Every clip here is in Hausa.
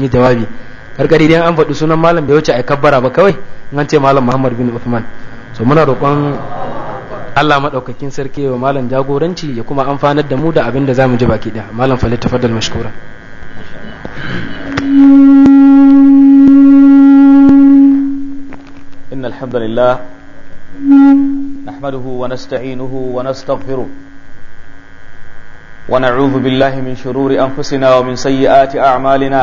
yi jawabi karkari dai an faɗi sunan malam bai wuce a kabbara ba kawai in an ce malam muhammad bin uthman so muna roƙon allah maɗaukakin sarki wa malam jagoranci ya kuma amfanar da mu da abin da za mu ji baki ɗaya malam falle tafaddal mashkura إن الحمد لله نحمده ونستعينه ونستغفره ونعوذ بالله من شرور أنفسنا ومن سيئات أعمالنا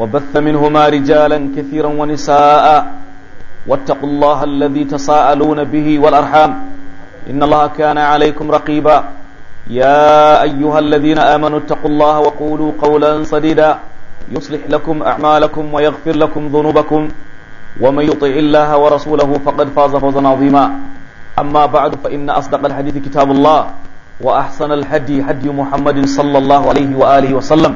وبث منهما رجالا كثيرا ونساء واتقوا الله الذي تساءلون به والأرحام إن الله كان عليكم رقيبا يا أيها الذين آمنوا اتقوا الله وقولوا قولا صديدا يصلح لكم أعمالكم ويغفر لكم ذنوبكم ومن يطع الله ورسوله فقد فاز فوزا عظيما أما بعد فإن أصدق الحديث كتاب الله وأحسن الحدي حدي محمد صلى الله عليه وآله وسلم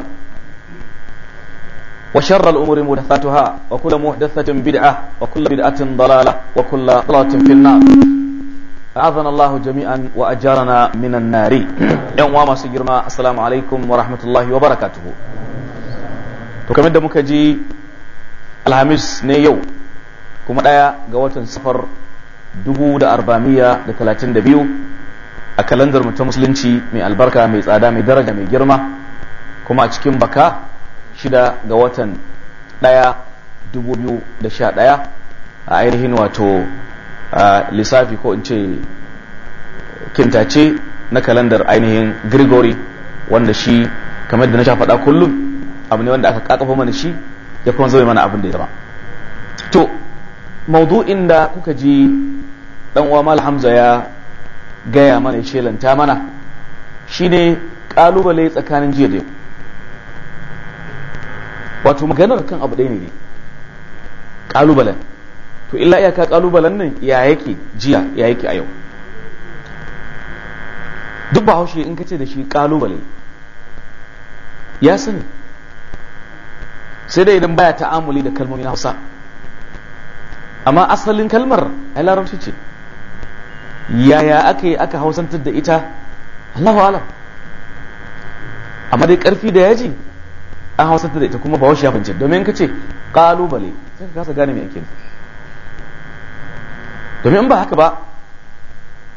وشر الأمور محدثاتها وكل محدثة بدعة وكل بدعة ضلالة وكل ضلالة في النار أعاذنا الله جميعا وأجارنا من النار يوم وما سجرنا السلام عليكم ورحمة الله وبركاته تكمل دمك جي الهامس نيو كما دايا قوات سفر دبو دا أربعمية دا تلاتين دبيو أكالندر متمسلنشي من البركة من الأدام درجة من جرمة كما أتكين بكا shida ga watan ɗaya dubu biyu da sha ɗaya a ainihin wato lissafi ko in ce kintace na kalandar ainihin Grigori wanda shi kamar da na sha faɗa kullum abu ne wanda aka kakafa mana shi ya kuma zama mana abin da ya zama to maudu'in da kuka ji dan uwa mal hamza ya gaya mana ya shelanta mana shine kalubale tsakanin jiya da yau wato maganar kan abu ɗaya ne ƙalubalen to illa iyaka ƙalubalen nan ya yake jiya ya yake a yau duk ba haushe in ka ce da shi ƙalubale ya sani sai dai idan baya ta'amuli da kalmomin hausa amma asalin kalmar a larabci ce yaya aka yi aka hausantar da ita allahu alam amma dai karfi da yaji an hausa da ita kuma ba wasu ya fahimci domin ka ce kalubale sai ka kasa gane mai ake domin ba haka ba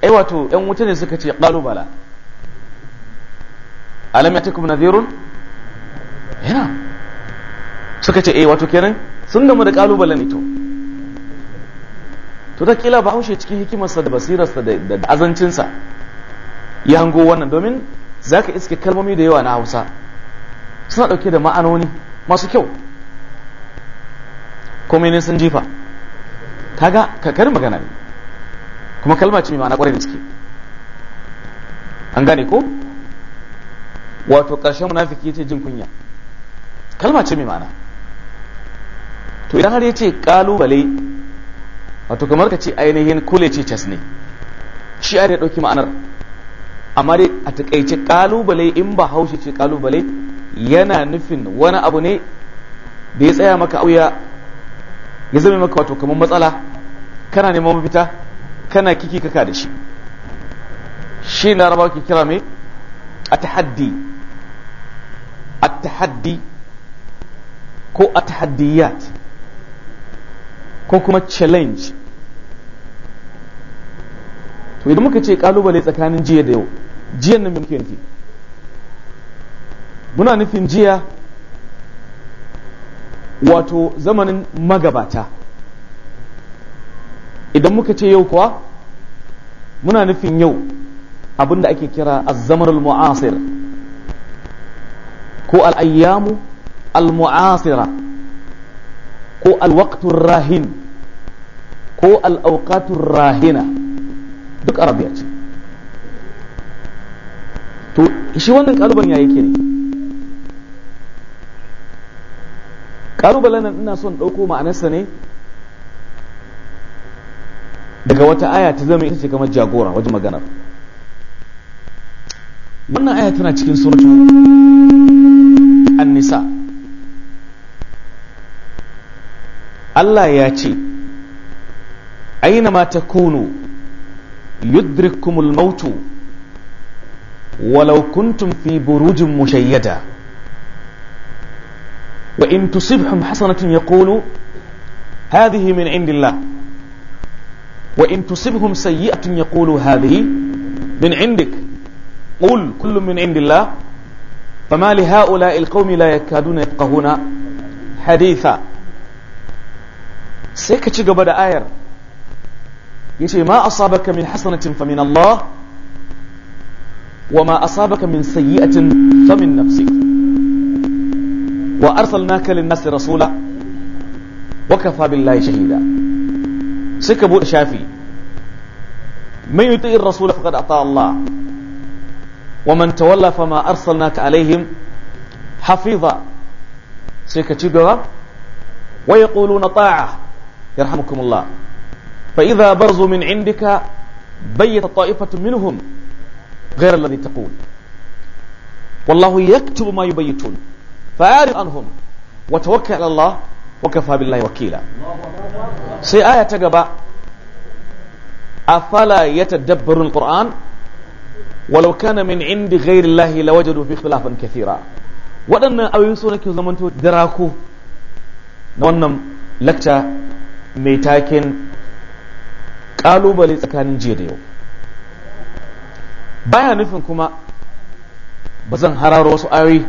ai wato yan wuta ne suka ce kalubala alam kuma nadhirun yana suka ce eh wato kenan sun gamu da kalubale ne to to da kila bahaushe cikin hikimarsa da basirarsa da azancinsa ya hango wannan domin za ka iske kalmomi da yawa na Hausa suna ɗauke da ma'anoni masu kyau komai ne sun jifa kaga kakar magana ne kuma kalma ce mai ma'ana kwarai da ciki an gane ko wato ƙarshen munafiki ce jin kunya kalma ce mai ma'ana to idan har ya ce ƙalubale wato kamar ka ce ainihin kule ce cas ne shi ya ɗauki ma'anar amma dai a taƙaice ƙalubale in ba haushe ce ƙalubale yana nufin wani abu ne da ya tsaya maka auya ya zama maka wato kamar matsala kana neman mafita kana kiki kaka da shi shi raba ke kira mai a tahaddi a tahaddi ko a tahaddiyat ko kuma challenge to idan muka ce kalubale tsakanin jiya da yau jiyan nan muke nufi muna nufin jiya wato zamanin magabata idan muka ce yau kuwa muna nufin yau abinda ake kira azamar al-mu'asir ko al'ayyamu al-mu'asira ko al rahin ko al rahina duk arabiya ce to shi wannan kaluban ya yake ne ƙalubalen nan ina son ɗauko ma'anarsa ne daga wata aya ta zama ita ce kamar jagora wajen maganar wannan aya tana cikin suratu an Allah ya ce aina mata kunu yudrikumul mautu walau kuntum fi burujin mushayyada وإن تصبهم حسنة يقولوا هذه من عند الله وإن تصبهم سيئة يقولوا هذه من عندك قل كل من عند الله فما لهؤلاء القوم لا يكادون يفقهون حديثا سيكتش قبل آير يتي ما أصابك من حسنة فمن الله وما أصابك من سيئة فمن نفسك wa arsalnaka lin-nasi rasula wa kafa billahi shahida suka bude shafi man yuti'ir rasula faqad ata Allah wa man tawalla fama arsalnaka alaihim hafiza suka ci gaba wa yaquluna ta'a yarhamukumullah fa idza barzu min indika bayyata ta'ifatu minhum غير الذي تقول والله يكتب ما يبيتون fa'arif anhum wa tawakkal ala Allah wa kafa billahi wakila sai aya ta gaba afala yatadabbarun qur'an walau na min indi ghairi Allah lawajadu fi ikhtilafan kathira waɗannan ayoyi so nake zamanto dirako na wannan lakta mai taken Ƙalubale tsakanin jiya da yau baya nufin kuma ba zan hararo wasu ayoyi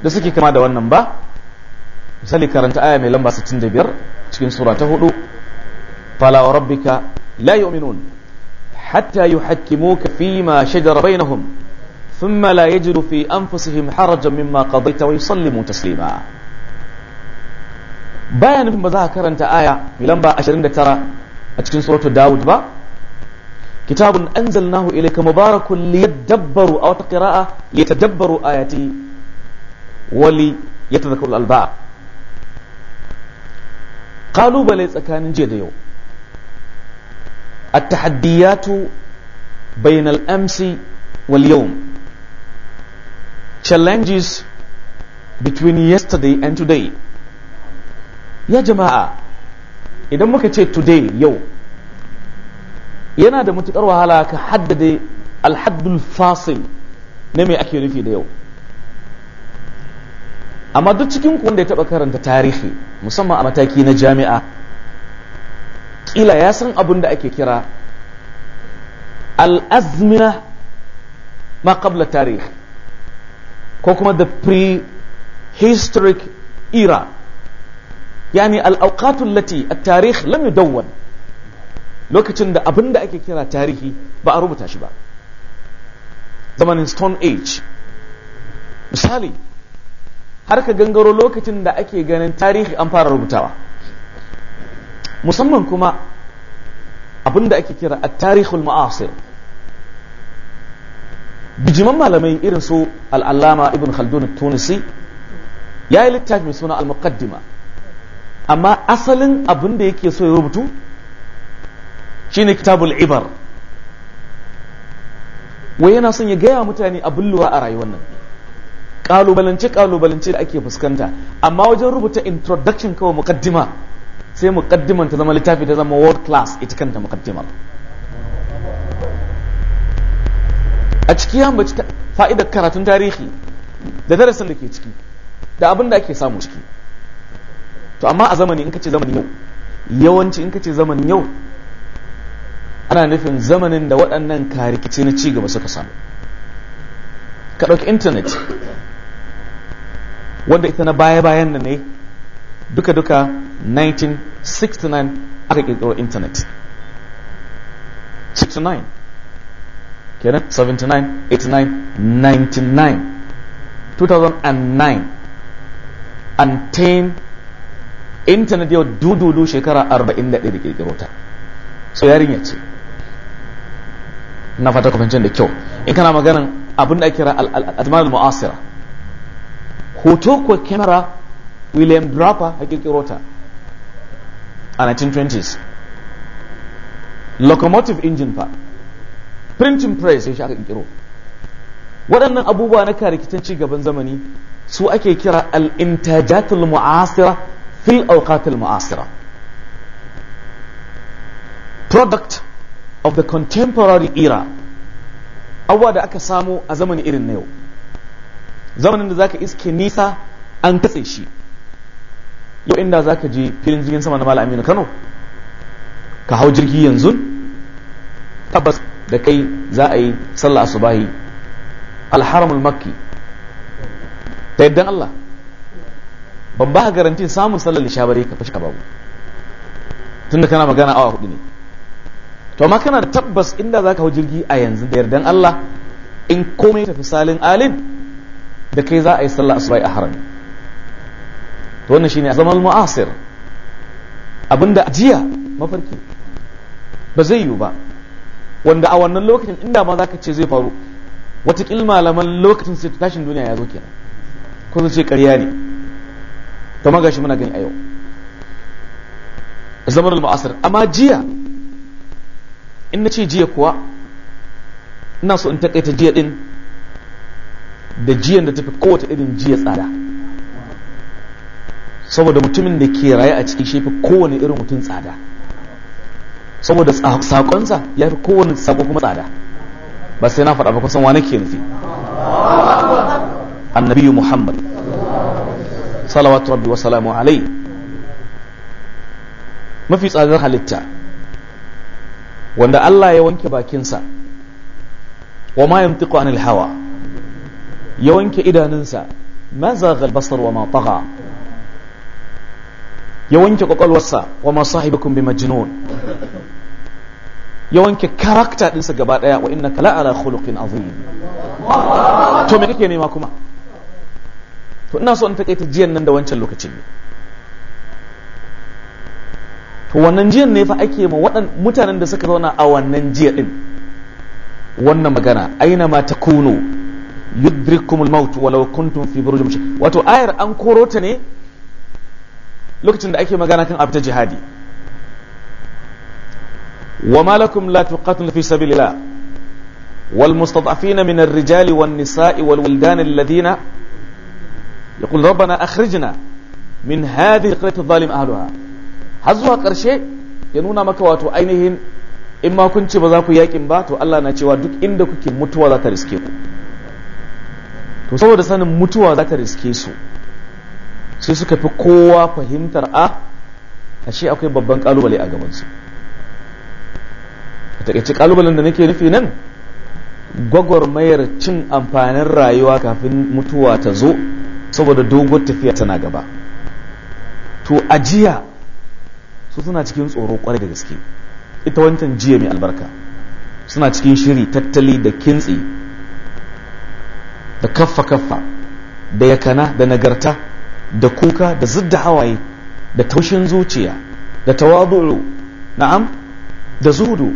da suke kama da wannan ba misali karanta aya mai lamba 65 cikin sura ta 4 fala wa rabbika la yu'minun hatta yuhakkimuka fima shajara bainahum thumma la yajidu fi anfusihim harajan mimma qadaita wa yusallimu taslima bayan ba za ka karanta aya mai lamba 29 a cikin suratu Dawud ba kitabun anzalnahu ilayka mubarakun liyadabbaru aw taqra'a liyatadabbaru ayatihi wali ya tazakar alba'a kalubale tsakanin jiya da yau a التحديات بين wal yau challenges between yesterday and today ya jama'a idan muka ce today yau yana da matuƙar wahala ka haddade alhaddul fasil na mai ake nufi da yau amma duk cikin ku wanda ya taba karanta tarihi musamman a mataki na jami'a kila ya san abin da ake kira al-azmina ma qabla tarih ko kuma the prehistoric era yani al'aukatun lati a tarihi tarikh lam lokacin da abin da ake kira tarihi ba a rubuta shi ba zamanin stone age misali har ka gangaro lokacin da ake ganin tarihi an fara rubutawa musamman kuma abin da ake kira a tarihul ma'asir bijiman malamai irin su al'allama ibn khaldun tunisi ya yi littafi mai suna al-muqaddima amma asalin abin da yake so ya rubutu Shi ne kitabul ibar wai yana son ya gaya mutane abin luwa a rayuwar nan kalubalance kalubalance da ake fuskanta amma wajen rubuta introduction kawai mukaddima sai mukaddiman ta zama littafi ta zama world class ita kanta mukaddimar a ciki ya mace fa'idar karatun tarihi da darasin da ke ciki da abin da ake samu ciki to amma a zamani in ka ce zamanin yau yawanci in ka ce zamanin yau ana nufin zamanin da waɗannan karikici na cigaba suka samu ka ɗauki intanet wanda ita na baya-bayan nan ne duka-duka 1969 aka kirkiro intanet 69 kenan 79 89 99 2009 and 10 intanet yau dududu shekara 41 da kirkiro ta so yarinya ce na fata kwafancin da kyau in kana maganin abin da kira al-adman al-mu'asira hoto kwa kyamara william draper ya ta a 1920s locomotive engine fa printing press ya shi aka waɗannan abubuwa na karikitan ci gaban zamani su ake kira al-intajatul mu'asira fil awqatil mu'asira product of the contemporary era abubuwa da aka samu a zamani irin na yau zamanin da zaka iske nisa an katse shi yau inda zaka je filin jirgin sama na mala aminu kano ka hau jirgi yanzu tabbas da kai za a yi sallah asubahi alharamul makki ta yaddan Allah ban ba garantin samun sallar lisha bare ka fashi ka babu tunda kana magana awa hudu ne to amma kana da tabbas inda zaka hau jirgi a yanzu da yardan Allah in komai tafi salin alim da kai za a yi sallah asuba'i a harami to wannan shine zaman mu'asir abinda ajiya mafarki ba zai yiwu ba wanda a wannan lokacin inda ma zaka ce zai faru watakil malaman lokacin sai tashin duniya ya zo kenan ko zai ce ƙarya ne to magashi muna gani a yau zaman mu'asir amma jiya in na ce jiya kuwa ina so in takaita jiya din da jiyan da tafi kowace irin jiya tsada saboda mutumin da ke raye a cikin shefi kowane irin mutum tsada saboda sakonsa ya fi kowane sako kuma tsada ba sai na faɗa ba kusan wani ke nufi annabi muhammad salawatu rabbi wa salamu alai mafi tsadar halitta wanda allah ya wanke bakinsa wa ma yamtiqu anil hawa ya wanke idanunsa ma zagal basar wa ma ya wanke kwakwalwarsa wa ma sahibukum bi majnun ya wanke karakta dinsa gaba daya wa ina la ala khuluqin to me kake nema kuma to ina so in takaita jiyan nan da wancan lokacin ne to wannan jiyan ne fa ake ma waɗan mutanen da suka zauna a wannan jiya din wannan magana aina ma ta Kuno. yudrikumul maut walau kuntum fi burujin wato ayar an koro ta ne lokacin da ake magana kan abta jihadi wa malakum la tuqatun fi sabilillah wal mustad'afina min ar-rijali wan nisa'i wal wildan alladhina yaqul rabbana akhrijna min hadhihi al-qaryati adh-dhalim har zuwa karshe ya nuna maka wato ainihin in ma kun ce ba za ku yakin ba to Allah na cewa duk inda kuke mutuwa za ta riske ku to saboda sanin mutuwa za ta riske su sai suka fi kowa fahimtar a ah, ashe akwai babban kalubale a gabansu a takaici kalubalen da nake nufi nan gwagwarmayar cin amfanin rayuwa kafin mutuwa ta zo saboda dogon tafiya tana gaba to ajiya su suna cikin tsoro kwarai da gaske ita wancan jiya mai albarka suna cikin shiri tattali da kintsi da kaffa kaffa da yakana da nagarta da kuka da zidda hawaye da taushin zuciya da tawadu'u na'am da zudu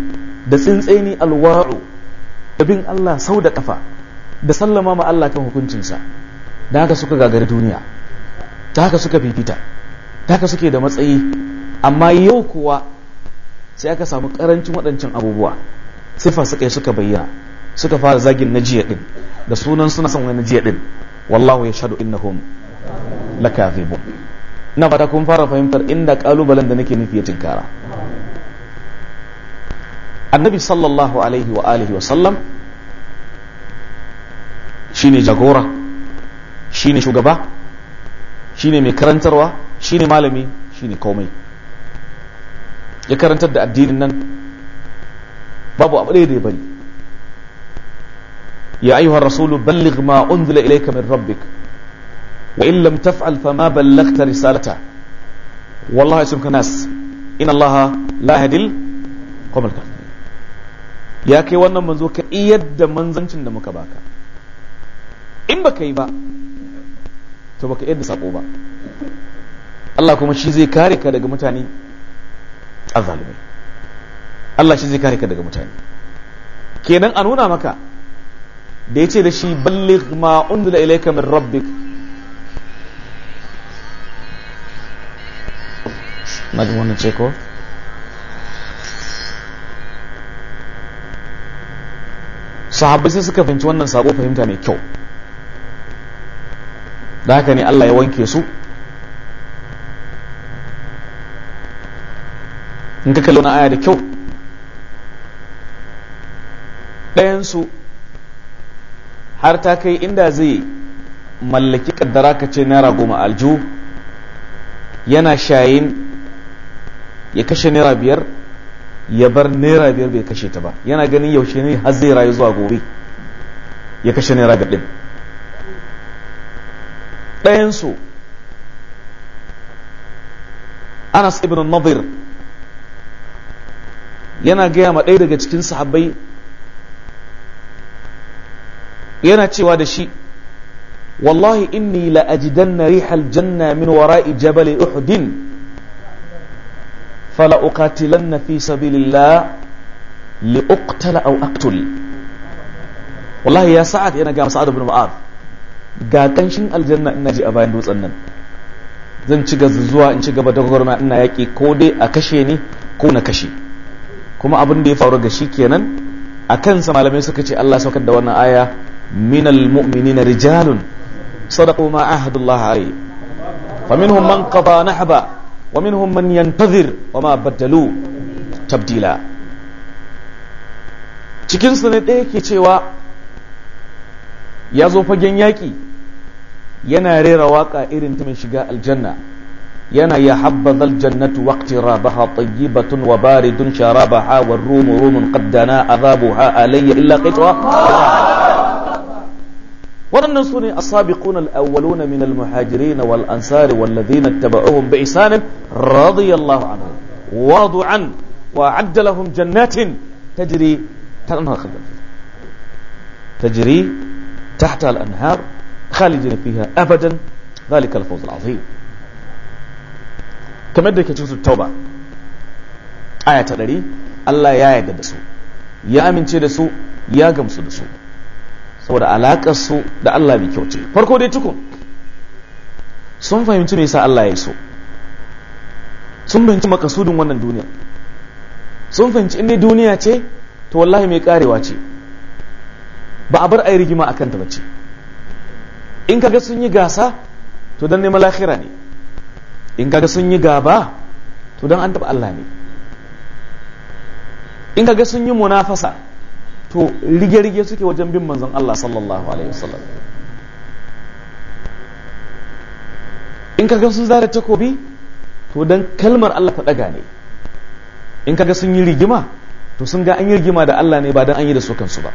da tsintseni alwaru da bin Allah sau da kafa da sallama ma Allah kan hukuncinsa da haka suka gagari duniya ta haka suka fifita ta haka suke da matsayi amma yau kuwa sai aka samu karancin waɗancan abubuwa sifa suka yi suka bayyana suka fara zagin na jiya ɗin da sunan suna son wani jiya din wallahu ya shaɗu innahum lakazibun Na fata kun fara fahimtar inda kalubalen da nake nufi ya tinkara annabi sallallahu alaihi wa alihi wa sallam shine jagora shine shugaba shine mai karantarwa shine malami shine komai ya karantar da addinin nan babu abu ɗaya da ya bari يا أيها الرسول بلغ ما أنزل إليك من ربك وإن لم تفعل فما بلغت رسالته والله يسمك ناس إن الله لا يهدي الكافرين ya kai wannan manzo ka yadda manzancin da muka baka in baka yi ba to baka yadda sako ba Allah kuma shi zai kare ka daga mutane Allah shi zai kare ka daga mutane kenan a nuna maka da ya ce da shi balligh ma da ilayka min rabbik na ga wannan ce ko sahabbai sai suka fahimci wannan sabo fahimta mai kyau da haka ne Allah ya wanke su in ka kalli wani aya da kyau ɗayansu har ta kai inda zai mallaki kaddara ka ce naira goma aljo yana shayin ya kashe naira biyar ya bar naira biyar bai kashe ta ba yana ganin yaushe ne har zai rayu zuwa gobe ya kashe naira biyar din ɗayansu anas ibn nadir yana gaya ma ɗaya daga cikin sahabbai yana cewa da shi wallahi inni la na rihal janna min wara'i jabal uhudin fala na fi sabilillah li uqtala aw aqtul wallahi ya sa'ad yana ga sa'ad ibn ma'ar ga kanshin aljanna ina ji a bayan dutsen nan zan ci zuwa in ci gaba da gwagwarma ina yaƙi ko dai a kashe ni ko na kashe kuma abin da ya faru ga shi kenan a kansa malamai suka ce Allah saukar da wannan aya من المؤمنين رجال صدقوا ما عهد الله عليه فمنهم من قضى نحبا ومنهم من ينتظر وما بدلوا تبديلا cikin su ne ɗaya ke cewa ya zo fagen yaƙi yana rera waƙa irin ta mai shiga aljanna yana ya habbazal jannatu waqti rabaha tayyibatun wa baridun sharabaha wa rumu rumun qaddana azabuha alayya illa qitwa ولن ينصرني السابقون الأولون من المهاجرين والأنصار والذين اتبعوهم بإحسان رضي الله عنهم ورضوا عنه وأعد لهم جنات تجري تجري تحت الأنهار خالدين فيها أبدا ذلك الفوز العظيم كما يدرك سورة التوبة آية تدري الله يا يقدسه يا من تدسو يا قمس دسه saboda alakar su da Allah mai kyau ce farko dai tukun sun fahimci me yasa Allah ya so sun fahimci makasudin wannan duniya sun fahimci in duniya ce to wallahi mai karewa ce ba a bar a yi rigima a kanta ba ce in kaga sun yi gasa to don neman lahira ne in kaga sun yi gaba to don an taɓa Allah ne in kaga sun yi munafasa to rige-rige suke wajen bin manzon Allah sallallahu alaihi wasallam in kaga sun zare takobi to dan kalmar Allah ta daga ne in ka kaga sun yi rigima to sun ga an yi rigima da Allah ne ba dan an yi da su kansu ba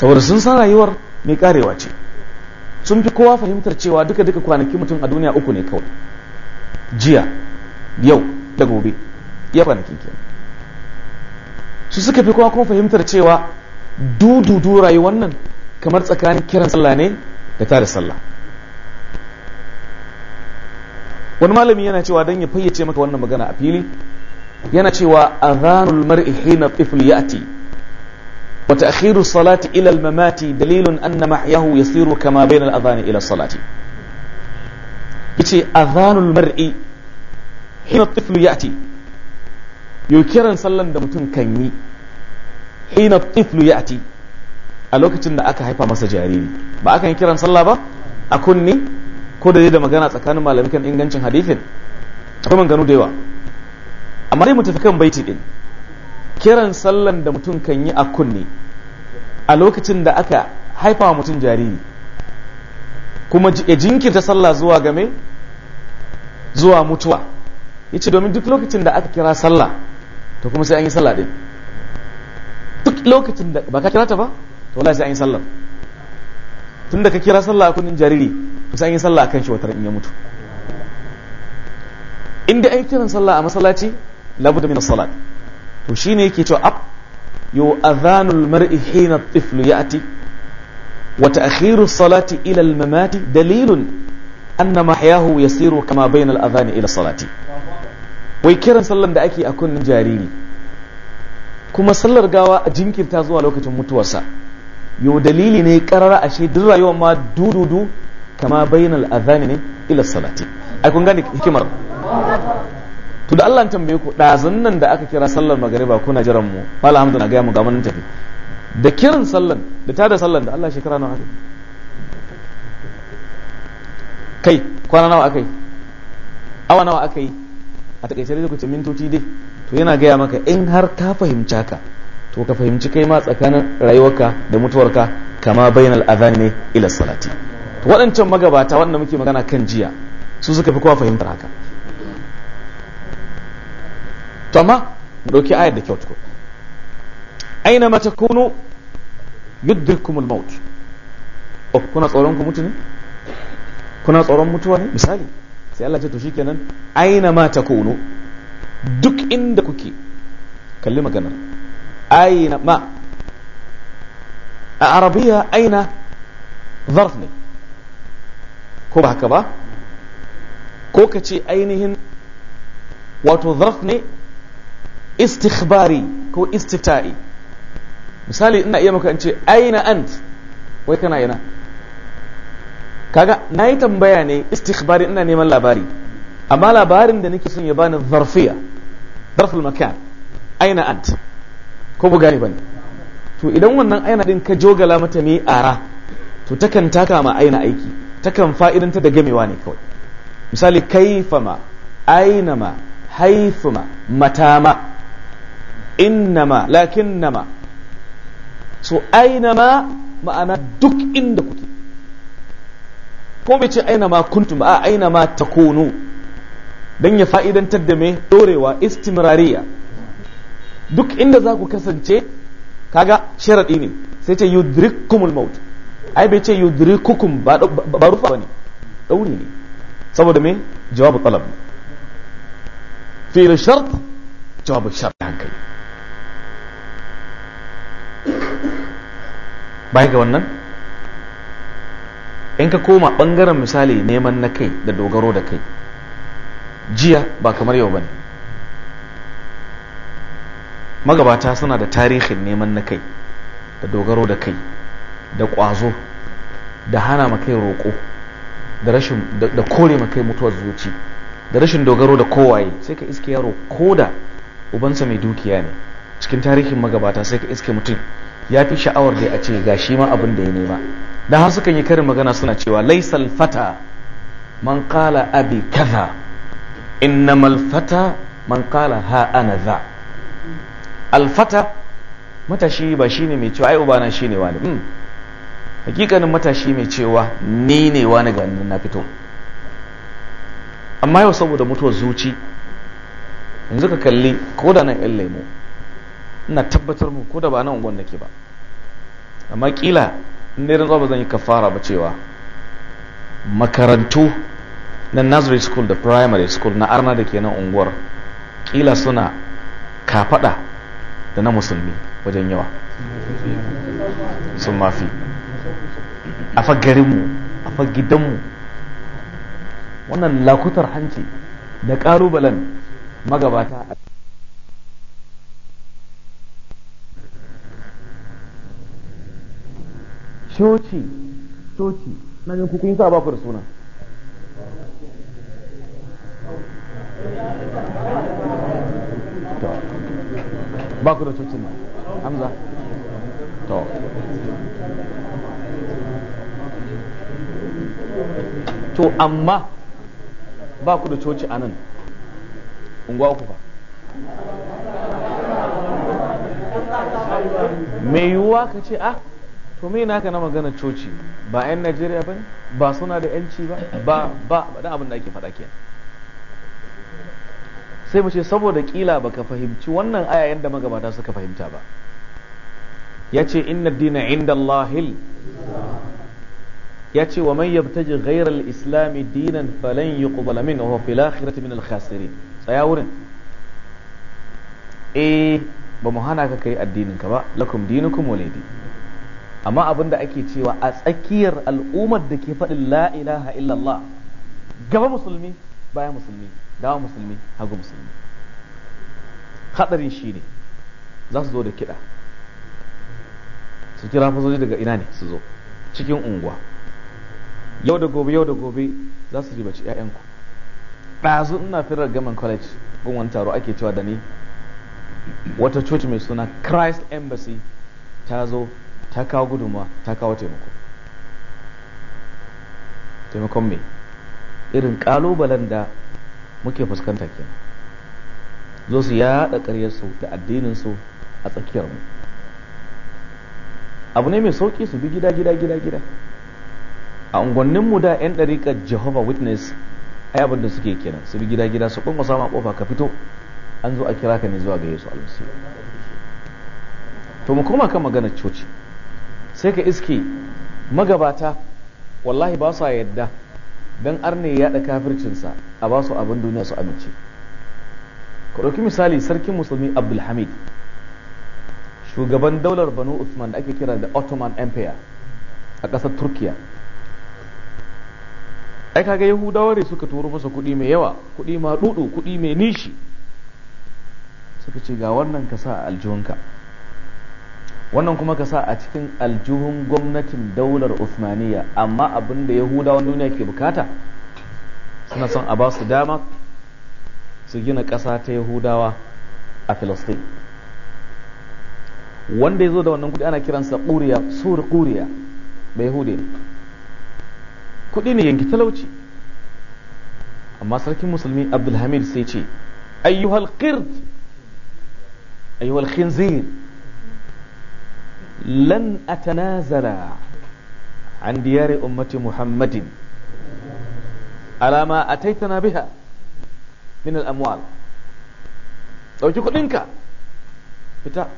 saboda sun san rayuwar mai karewa ce sun fi kowa fahimtar cewa duka duka kwanaki mutum a duniya uku ne kawai jiya yau da gobe ya kwanaki kenan su suka fi kowa kuma fahimtar cewa dududu rayuwar nan kamar tsakanin kiran sallah ne da tare sallah wani malami yana cewa don ya fayyace maka wannan magana a fili yana cewa azanul mar'i hina tifl yati wa ta'khiru salati ilal mamati dalilun anna ya yasiru kama bayna al adhani ila salati yace azanul mar'i hina tifl yati yau kiran sallan da mutum kan yi hina tiflu ati a lokacin da aka haifa masa jariri ba aka yi kiran sallah ba a kunni ko da da magana tsakanin malamai kan ingancin hadithin akwai gano da yawa amma dai mu tafi kan baiti din kiran sallan da mutum kan yi a kunni a lokacin da aka haifa wa mutum jariri kuma ya jinkirta sallah zuwa game zuwa mutuwa yace domin duk lokacin da aka kira sallah to kuma sai an yi sallah din lokacin da ba ka kira ta ba to wallahi sai an yi sallar tun da ka kira sallar a kunnin jariri to sai an yi a kan shi watar in ya mutu inda an yi kiran sallar a masallaci labudda min salat to ne yake cewa ab yo adhanul mar'i hina at-tiflu ya'ti wa ta'khiru salati ila al-mamati dalilun anna mahyahu yasiru kama bayna al-adhani ila salati wai kiran sallar da ake a kunnen jariri kuma sallar gawa a jinkirta zuwa lokacin mutuwarsa yau dalili ne karara ashe duk rayuwa ma dududu kama bainal adhani ne ila salati ai kun gane hikimar to da Allah tambaye ku dazun nan da aka kira sallar magariba kuna jiran mu wala hamdu na gaya mu ga tafi da kirin sallan da tada sallan da Allah shekara nawa kai kwana nawa akai awa nawa akai a takaice da ku ce mintoci dai to yana gaya maka in har ka fahimci haka to ka fahimci kai ma tsakanin rayuwarka da mutuwarka kama bainal adhan ne ila salati to waɗancan magabata wanda muke magana kan jiya su suka fi kowa fahimtar haka to amma ɗauki ayar da kyau aina mata kunu yudrikumul maut oh, kuna tsoron ku mutu ne kuna tsoron mutuwa ne misali sai Allah ce to shikenan aina mata kunu duk inda kuke kalli maganar aina ma a arabiya aina zarf ne ko ba haka ba ko ka ce ainihin wato zarf ne istikhbari ko istifta'i misali ina iya maka ce aina ant wai kana yana kaga na yi tambaya ne istikhbari ina neman labari amma labarin da nake son ya bani zarfiya zarful makan aina ant ko bu gani bane to idan wannan aina din ka jogala mata ne ara to takan taka ma aina aiki takan fa'idanta da gamewa ne kawai misali kaifama ainama haifuma matama innama lakinnama so ainama ma'ana duk inda kuke ko bai ce ainama kuntum a ainama takunu don ya fa'idantar da mai dorewa istimrariya duk inda za ku kasance kaga sharaɗi ne sai ce yudrikumul maut ai bai ce yudrikukum ba rufa ne ɗauri ne saboda me jawabu talab fi'il shart jawabu shart hankali bayan ga wannan in ka koma bangaren misali neman na kai da dogaro da kai jiya ba kamar yau ba ne magabata suna da tarihin neman na kai da dogaro da kai da ƙwazo da hana makai roƙo da kore makai mutuwar zuci da rashin dogaro da kowaye sai ka iske yaro ko da ubansa mai dukiya ne cikin tarihin magabata sai ka iske mutum ya fi sha'awar da a ce ga shi ma abin da ya nema da har sukan yi karin magana suna cewa laisal fata man kala abi kaza Inna الفتى من قال ها أنا ذا الفتى matashi ba shine mai cewa ai ubana shine wani mm. hakikanin matashi mai cewa ni ne wani ga na fito amma yau saboda mutuwar zuci yanzu ka kalli ko da nan yan lemo ina tabbatar mu ko da ba nan unguwan ba amma kila in dai rantsuwa ba zan yi fara ba cewa makarantu na nursery school da primary school na arna da ke nan unguwar kila suna kafada da na musulmi wajen yawa sun mafi a fagarinmu a fagidanmu wannan lakutar hanci da ƙalubalen magabata a coci coci na yin kukun sa ba ku da suna to ba ku da cocin nan hamza to to amma ba ku da coci a nan unguwa ku fa mai yiwuwa ka ce ah to me naka na magana coci ba 'yan najeriya ba ne ba suna da 'yanci ba ba ba abin da ake faɗa kenan sai mu ce saboda kila baka fahimci wannan aya yadda magabata suka fahimta ba ya ce inna dina inda Allahil ya ce wa man yabtaji ghairar islami dinan falan yi min wa fil akhirati min al-khasirin tsaya wurin eh ba mu hana ka kai addinin ka ba lakum dinukum walidi amma abinda ake cewa a tsakiyar al'ummar da ke faɗin la ilaha illallah gaba musulmi baya musulmi dawa musulmi hagu musulmi hadarin shi ne za su zo da kiɗa su kira fasoji daga ina ne su zo cikin unguwa yau da gobe yau da gobe za su ribaci 'ya'yanku ɗazu ina firar gaman college gun wani taro ake cewa da ni wata coci mai suna christ embassy ta zo ta kawo gudunmawa ta kawo taimako taimakon me irin ƙalubalen da muke fuskanta kenan zo su yaɗa ƙaryarsu da addininsu a tsakiyar mu abu ne mai sauƙi su bi gida gida gida gida a unguwanninmu da 'yan ɗariƙar jehovah witness ai abin da suke kenan su bi gida gida su ƙwanƙwasa ma ƙofa ka fito an zo a kira ka ne zuwa ga yesu almasihu to mu koma kan maganar coci sai ka iske magabata wallahi ba sa yadda don arne ya da kafircinsa a ba su abin duniya su amince ku ɗauki misali sarkin musulmi abdulhamid shugaban daular banu usman da ake kira da ottoman empire a ƙasar turkiya ai kaga yahudawa ne suka turo masa kuɗi mai yawa kuɗi ma dudu kuɗi mai nishi suka ce ga wannan ka sa aljihunka wannan kuma ka sa a cikin aljihun gwamnatin daular usmaniya amma abin da yahudawan duniya ke bukata suna son a ba su dama su gina ƙasa ta yahudawa a filistin wanda ya zo da wannan kudi ana kiransa ƙuriya sur ƙuriya bai yahude ne kudi ne yanki talauci amma sarkin musulmi abdulhamid sai ce ayyuhal ayyuhal khinzir لن أتنازل عن ديار أمة محمد على ما أتيتنا بها من الأموال لو جيكو لنكا فتا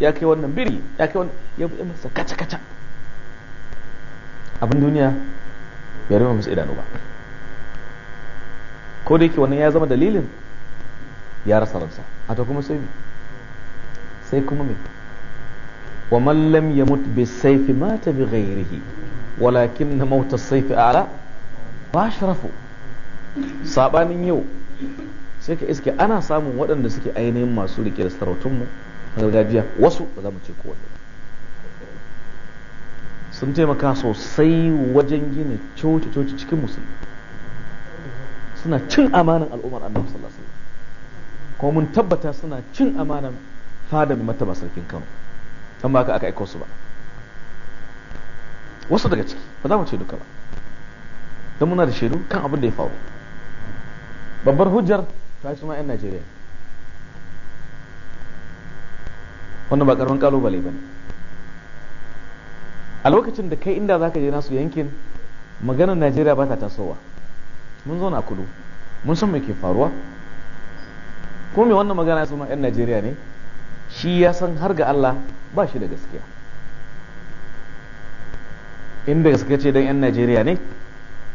ياكي ونن بري ياكي ونن يبو إمسا كتا كتا abin duniya bai rufe musu idanu ba ko da yake wannan ya zama dalilin ya rasa ransa a to kuma sai sai kuma mai wa man lam yamut bisayfi mata bi gairihi walakin na mautar saifi ala ba sharafu sabanin yau sai ka iske ana samun waɗanda suke ainihin masu rike da sarautunmu na gargajiya wasu ba za mu ce kowanne sun taimaka sosai wajen gina coci-coci cikin musulmi suna cin amanan al'ummar annabi sallallahu kuma mun tabbata suna cin amanan fadar mataba sarkin kano kan ba aka aiko su ba wasu daga ciki ba za mu ce duka ba don muna da shaidu kan abin da ya faru babbar hujjar ta yi suna 'yan najeriya wannan ba karfin kalubale ba ne a lokacin da kai inda za ka je nasu yankin maganar najeriya ba ta tasowa mun zauna kudu mun san mai ke faruwa ko mai wannan magana ya ma 'yan najeriya ne shi ya san har ga Allah ba shi da gaskiya inda gaskiya ce don 'yan Najeriya ne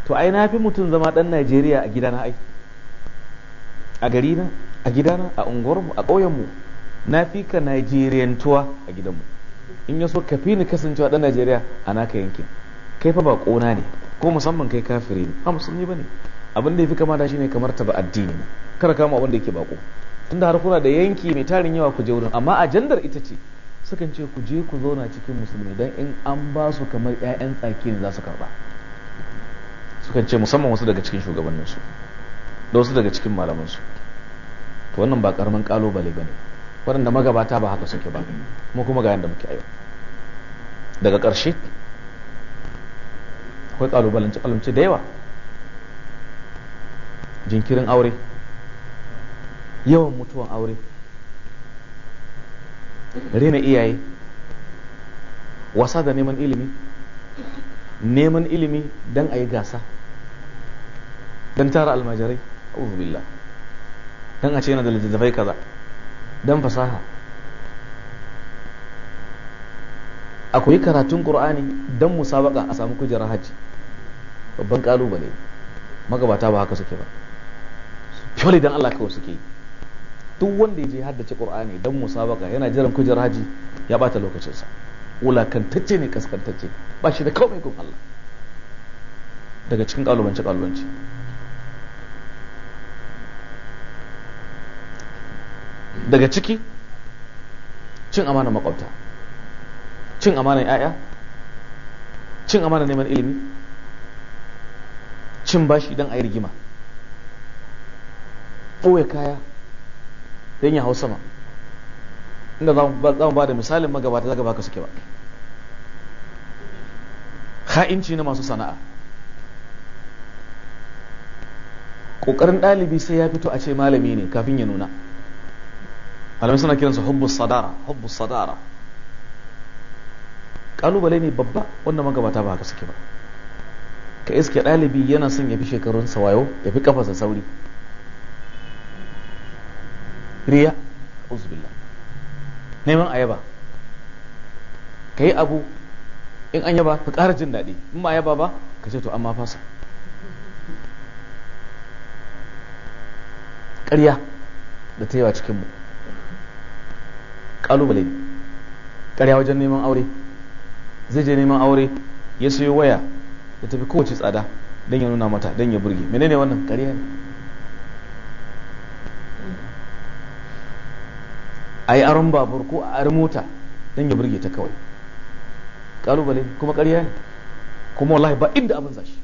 to ai na fi mutum zama ɗan Najeriya a gidana ai a garina a gidana a unguwarmu a ƙauyenmu na fi ka Najeriyantuwa a gidanmu in ya so ka fi ni kasancewa ɗan Najeriya a naka yankin kai fa ba ƙona ne ko musamman kai kafiri ne ba musulmi ba ne abin da ya fi kama da shi ne kamar ta ba addini kar kama abin da yake bako tunda har kuna da yanki mai tarin yawa ku je wurin amma ajandar ita ce sukan ce ku je ku zauna cikin musulmi don in an ba su kamar 'ya'yan tsaki ne za su karba sukan ce musamman wasu daga cikin shugabanninsu da wasu daga cikin malamansu to wannan ba karamin kalubale ba ne waɗanda magabata ba haka suke ba mu kuma ga yadda muke a yau daga ƙarshe akwai kalubalance kalumce da yawa jinkirin aure yawan mutuwan aure rena iyaye wasa da neman ilimi neman ilimi don a yi gasa don tara almajirai billah don a ce yana da littattafai kaza don fasaha akwai karatun ƙur'ani don musabaka a samu kujerar hajji babban ƙalubale magabata ba haka suke ba purely don allah kawai suke yi duk wanda ya je haddace qur'ani dan musabaka yana jiran kujerar haji ya bata lokacinsa wulakantacce ne kaskantacce ba shi da mai kun Allah daga cikin kalubance kalubance daga ciki cin amana makwabta cin amana yaya cin amana neman ilimi cin bashi idan a yi rigima ɓoye kaya don ya hau sama inda za mu ba da misalin magabata za ka baka suke ba ha'inci na masu sana'a ƙoƙarin ɗalibi sai ya fito a ce malami ne kafin ya nuna malamai suna kiransa hubbus sadara hubbus sadara Ƙalubale ne babba wanda magabata ba haka suke ba ka iske ɗalibi yana son ya fi shekarunsa wayo ya fi sa sauri riya uzbillah neman ayaba ka yi abu in an yaba ka ƙara jin daɗi in ba yaba ba ka ce to amma fasa ƙarya da ta yawa cikinmu ƙalubale ƙarya wajen neman aure zai je neman aure ya sayo waya da tafi kowace tsada don ya nuna mata don ya burge menene wannan ƙarya ne a yi aron babur ko a yi mota don ya burge ta kawai kalubale kuma ƙarya ne kuma wallahi ba inda abin zashi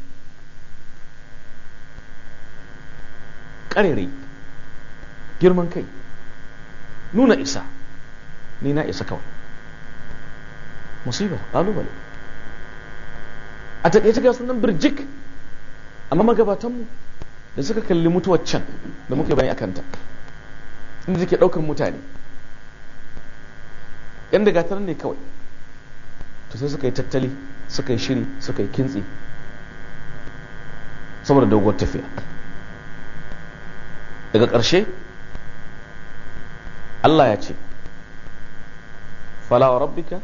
ƙarere girman kai nuna isa ni na isa kawai musibar kalubale a taƙaice ga sunan birjik amma magabatanmu da suka kalli mutuwar can da muke bayani a kanta inda take ɗaukar mutane yan da gatar ne kawai to sai suka yi tattali suka yi shiri suka yi kintsi saboda doguwar tafiya daga ƙarshe Allah ya ce falawa rabbika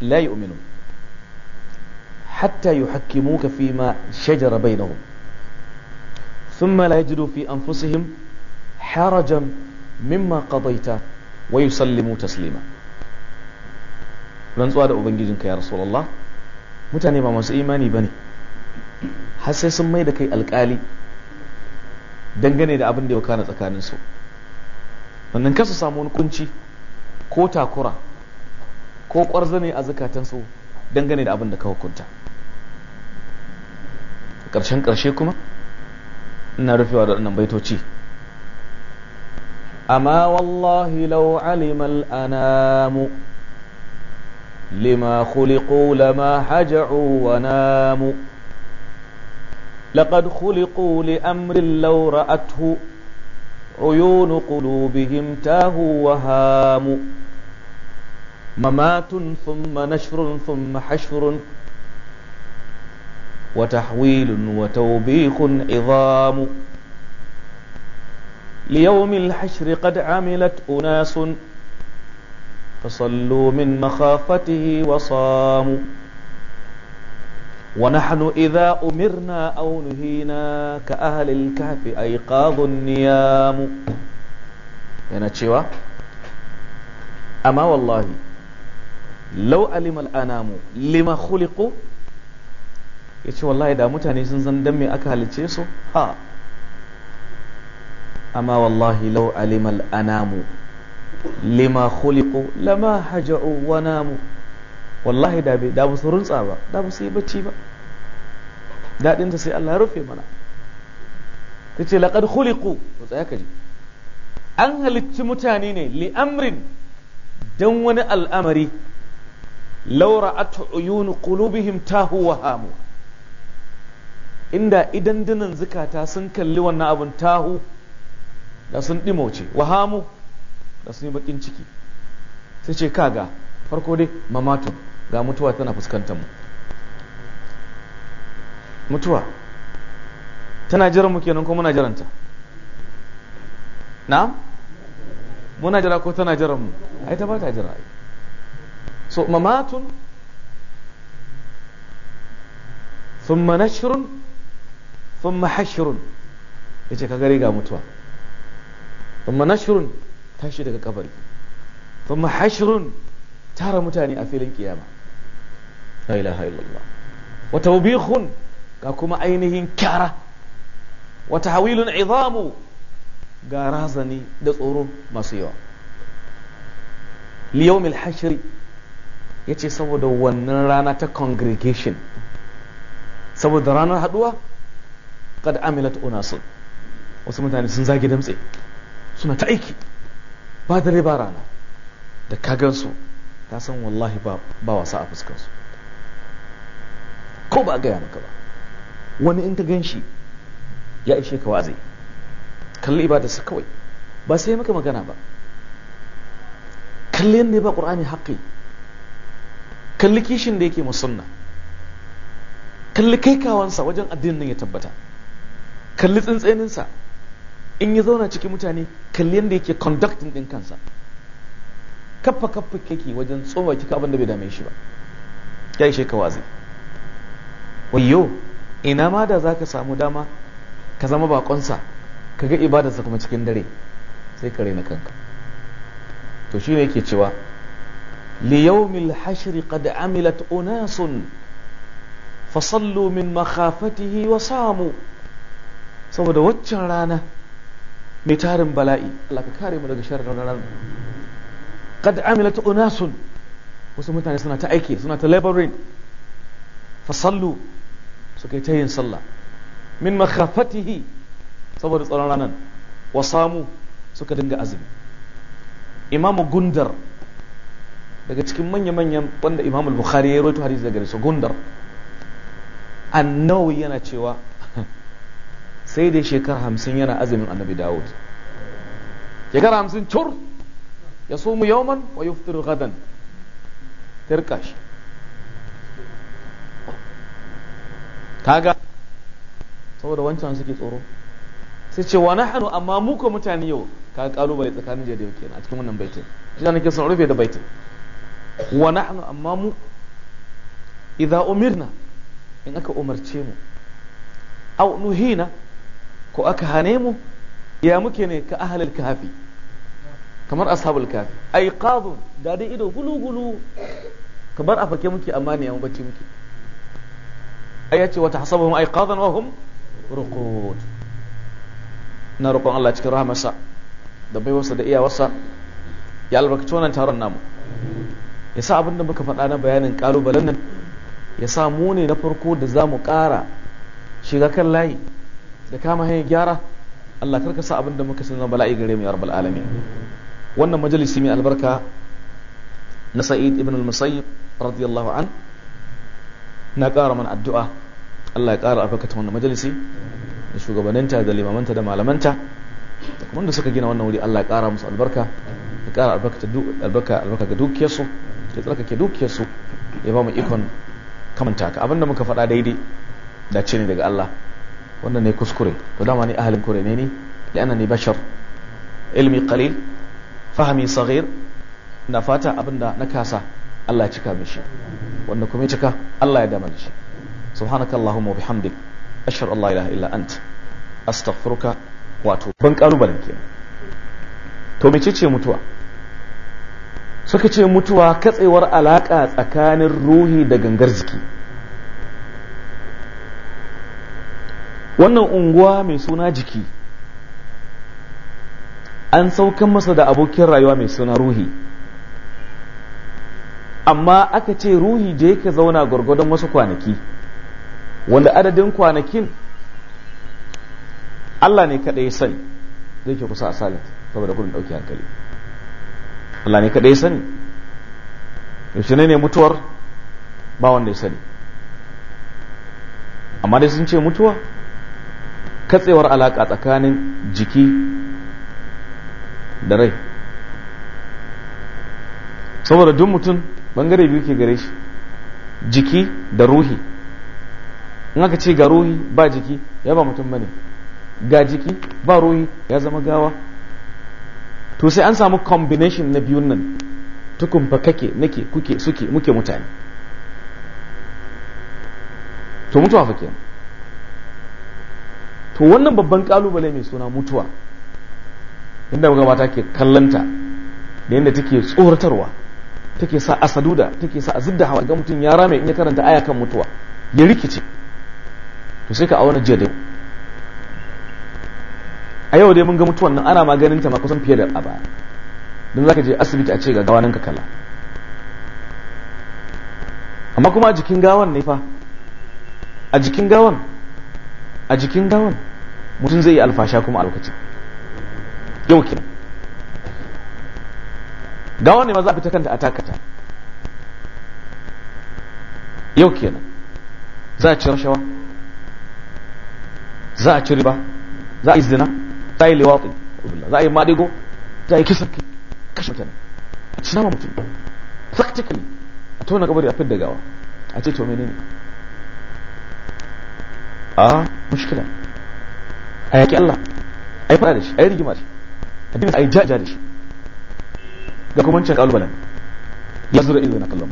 la yu'minu hatta yuhakkimuka fi ma shajara bainahum thumma la yajidu fi anfusihim harajan mimma qadayta wa yusallimu taslima rantsuwa da ubangijinka ya rasulullah mutane ba masu imani bane har sai sun mai da kai alkali dangane da abin da ya kana tsakanin su wannan kasu samu wani kunci ko takura ko kwarzane a su dangane da abin da ka hukunta ƙarshen ƙarshe kuma ina rufewa da wannan baitoci أما والله لو علم الأنام لما خلقوا لما حجعوا وناموا لقد خلقوا لأمر لو رأته عيون قلوبهم تاهوا وهاموا ممات ثم نشر ثم حشر وتحويل وتوبيخ عظام ليوم الحشر قد عملت أناس فصلوا من مخافته وصاموا ونحن إذا أمرنا أو نهينا كأهل الكهف أيقاظ النيام ينتشوى أما والله لو ألم الأنام لما خلقوا يتشوى الله إذا متاني سنزن دمي أكهل تشيسو ها أما والله لو علم الأنام لما خلقوا لما هجعوا وناموا والله دا بي دا بسرون صعبا دا بسيبة تيبا دا انت سي الله رفي منا تتي لقد خلقوا وسأيك جي أنها لتمتانين لأمر دون الأمر لو رأت عيون قلوبهم تاهوا وهاموا inda idan dinin zukata sun kalli wannan abin tahu da sun ɗimauce wahamu da sun yi bakin ciki sai ce kaga farko dai mamatun ga mutuwa tana fuskantar mu mutuwa tana jiran mu kenan ko muna jiranta na muna jira ko tana jiran mu ai ta ba ta jira so mamatun thumma nashrun thumma hashrun yace ka gare ga mutuwa thumma nashrun tashi daga kabari thumma hashrun tara mutane a filin kiyama la ilaha illallah wa ga kuma ainihin kyara wa tahwilun izamu ga razani da tsoro masu yawa liyawmil hashri yace saboda wannan rana ta congregation saboda ranar haduwa amina amilat unasun wasu mutane sun zagi damtse suna ta aiki ba dare ba rana da kagansu ta san wallahi ba wasa a fuskansu ko ba a gaya maka ba wani in ka gan shi ya ishe ka wazai kalli ibadarsa kawai ba sai maka magana ba kalli yadda ya ba ƙur'ani haƙƙi kalli kishin da yake musunna kalli kaikawansa wajen addinin ya tabbata kalli tsintsininsa in ya zauna cikin mutane kalli yadda yake conducting din kansa kaffa kaffa kake wajen tsoma kika abin da bai dame shi ba ya yi shekawa zai wayo ina ma da za ka samu dama ka zama bakonsa ka ga ibadarsa kuma cikin dare sai ka raina kanka to shi ne yake cewa li yawmil hashiri qad amilat unasun fasallu min makhafatihi wa samu saboda waccan rana mai tarin bala'i Allah ka kare mu daga sharrin wannan ranar qad amilat unasun wasu mutane suna ta aiki suna ta laboring fa sallu su kai ta yin sallah min makhafatihi saboda tsaron ranar wa samu suka dinga azumi imamu gundar daga cikin manya-manyan wanda imamu bukhari ya rawaito hadisi daga gare gundar annawi yana cewa sai dai shekara hamsin yana azumin annabi dawud shekara hamsin cur ya mu yawman wa yuftir gadan tirka shi kaga saboda wancan suke tsoro sai ce wa nahnu amma mu ko mutane yau ka kalubale tsakanin jiya da yau kenan a cikin wannan baitin shi nake son rufe da baitin wa hannu amma mu idza umirna in aka umarce mu aw nuhina ko aka hane mu ya muke ne ka ahalar kafi kamar ashabul kafi ai qadun da dai ido gulu gulu kamar a fake muke amma ne yan bacci muke ai yace wa tahsabuhum ai qadan wa hum ruqud na roƙon Allah cikin rahamarsa da wasa da iyawarsa ya albarkaci wannan taron namu ya sa abin da muka faɗa na bayanin ƙalubalen nan ya sa mu ne na farko da za mu ƙara shiga kan layi da kama hanyar gyara Allah karka sa abin da muka sanar bala'i gare mu ya rabbal alamin wannan majalisi mai albarka na Sa'id ibn al-Musayyib radiyallahu an na ƙara mana addu'a Allah ya ƙara ta wannan majalisi da shugabanninta da limamanta da malamanta da kuma da suka gina wannan wuri Allah ya ƙara musu albarka ya ƙara albarka ga dukiyarsu ya tsarkake dukiyarsu ya ba mu ikon kamanta ka abinda muka faɗa daidai dace ne daga Allah wannan ne kuskure to dama ni ahalin kure ne bashar ilmi qalil fahmi saghir na fata abinda na kasa Allah ya cika mishi wanda kuma ya cika Allah ya dama da shi subhanakallahumma wa bihamdik ashhadu an la ilaha illa anta astaghfiruka wa atubu ban kalubalen to mecece mutuwa ce mutuwa katsewar alaƙa tsakanin ruhi da gangar jiki wannan unguwa mai suna jiki an saukan masa da abokin rayuwa mai suna ruhi amma aka ce ruhi da yake zauna gwargwadon wasu kwanaki wanda adadin kwanakin Allah ne kaɗai sani zai ke kusa a salat saboda gudun ɗauki hankali Allah ne kaɗai sani yaushe ne mutuwar ba wanda ya sani amma dai sun ce mutuwa katsewar alaƙa tsakanin jiki da rai saboda duk mutum bangare biyu ke gare shi jiki da ruhi in aka ce ga ruhi ba jiki ya ba mutum bane ga jiki ba ruhi ya zama gawa to sai an samu combination na biyun nan tukun fa kake nake kuke suke muke mutane to mutuwa fa kenan to wannan babban kalubale mai suna mutuwa inda mata ke kallanta da yadda take tsoratarwa take sa a saduda take sa a zidda hawa ga mutum ya rame in ya karanta aya kan mutuwa ya rikice to sai ka auna jiya da a yau dai mun ga mutuwan nan ana maganin ta ma kusan fiye da a don za ka je asibiti a ce ga gawa nan ka kala amma kuma a jikin gawan ne fa a jikin gawan a jikin gawan mutum zai yi alfasha kuma a lokacin yau kenan gawa ne ma za a fita kanta a takata yau kenan za a ci rashawa za a ci riba za a yi zina za a yi liwatsi za a yi madigo za a yi kisan kashe mutane a ci nama mutum practically a tona kabari a da gawa a ce to menene a ah. مشكلة هيك الله اي فارش اي رجي ماشي تدي اي جاء جالش داكو من شك قالوا بلا يزر ايه وين اكلم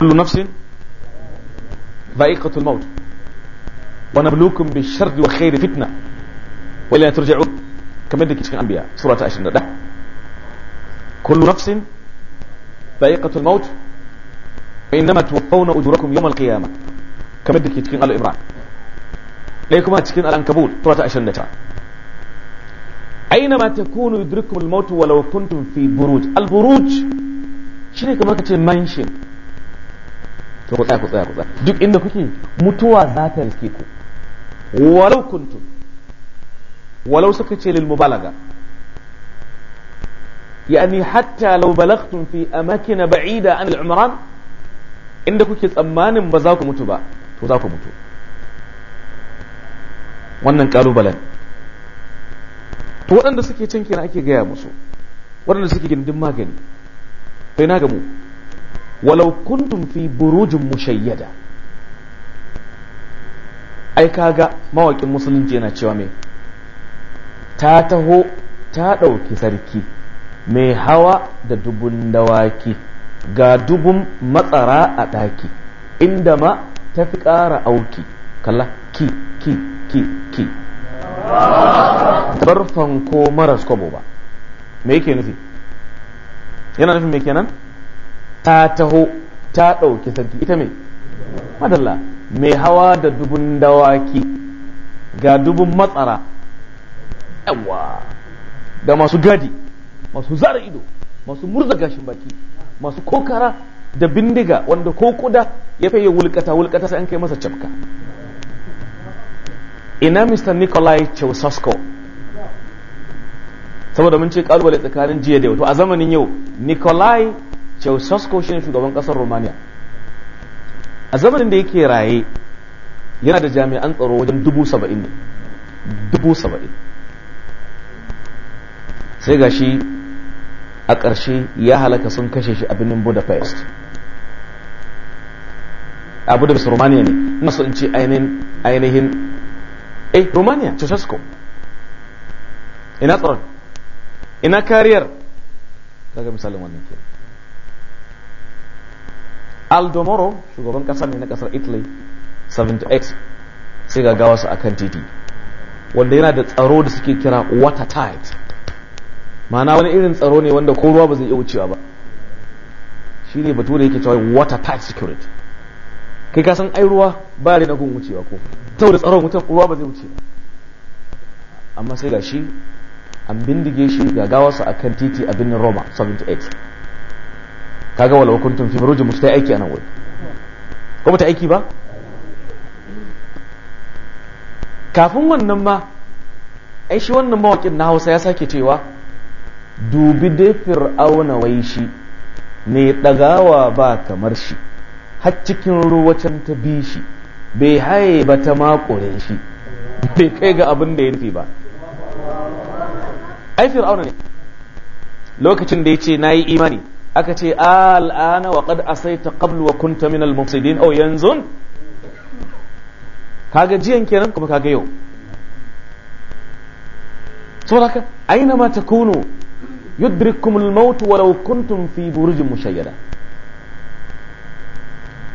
كل نفس ضائقة الموت ونبلوكم بالشر والخير فتنة ولا ترجعوا كما يدك في الأنبياء سورة عشرين ده كل نفس ضائقة الموت وإنما توفون أجوركم يوم القيامة kamar da ke cikin al imran ɗaya kuma cikin al-ankabut sura ta 29 aina ma takunu yudrikum al-maut walau kuntum fi buruj al-buruj shine kamar kace mansion to ku tsaya ku tsaya ku tsaya duk inda kuke mutuwa za ta riske ku walau kuntum walau suka ce lil mubalaga yani hatta law balagtum fi amakin ba'ida an al-umran inda kuke tsammanin ba za ku mutu ba to za ku mutu wannan kalubalen to waɗanda suke can kenan ake gaya musu waɗanda suke gindin magani sai na gamu walau kuntum fi burujin mushayyada ai ga mawakin musulunci yana cewa mai ta taho ta ɗauki sarki mai hawa da dubun dawaki ga dubun matsara a ɗaki inda ma ta fi ƙara auki kalla ki ki ki ki barfan ko maras kwabo ba me yake nufi yana nufin me kenan ta taho ta ɗauki sarki ita me madalla mai hawa da dubun dawaki ga dubun matsara yawa da masu gadi masu zara ido masu murza gashin baki masu kokara da bindiga wanda ko kuda ya yi wulkata wulkata sai an kai masa cafka ina mr nikolai ceausescu saboda mun ce kalubale tsakanin jiya da yau to a zamanin yau nikolai ceausescu ne shugaban kasar romania a zamanin da yake raye yana da jami'an tsaro wajen dubu saba'in ne dubu saba'in sai gashi. a ƙarshe ya halaka sun kashe shi a birnin budapest a budapest romania ne ina so in ce ainihin eh romania ceausescu ina tsoron ina kariyar daga misalin wannan ke aldo moro shugaban kasa ne na kasar italy 70x sai ga gawa su kan titi wanda yana da tsaro da suke kira watertight mana wani irin tsaro ne wanda ko ruwa ba zai iya wucewa ba shi ne batu da yake cewa water tight security kai ka san ai ruwa ba na gun wucewa ko saboda tsaron wutan ruwa ba zai wuce amma sai ga shi an bindige shi gagawarsa a kan titi a birnin roma 78 kaga walau kuntum fi burujin musu ta yi aiki a nan wuri ko ta aiki ba kafin wannan ma ai shi wannan mawakin na hausa ya sake cewa dubi dai fir'auna wai shi mai ɗagawa ba kamar shi har cikin ruwacin ta bi shi bai haye ba ta makure shi bai kai ga abin da ya nufi ba ai fir'auna ne lokacin da ya ce na yi imani aka ce al'ana wa qad asaita qablu wa kunta min al mufsidin oh yanzu kaga jiyan kenan kuma kaga yau saboda haka aina ma kuno yudrikumul maut walau kuntum fi burujin mushayyada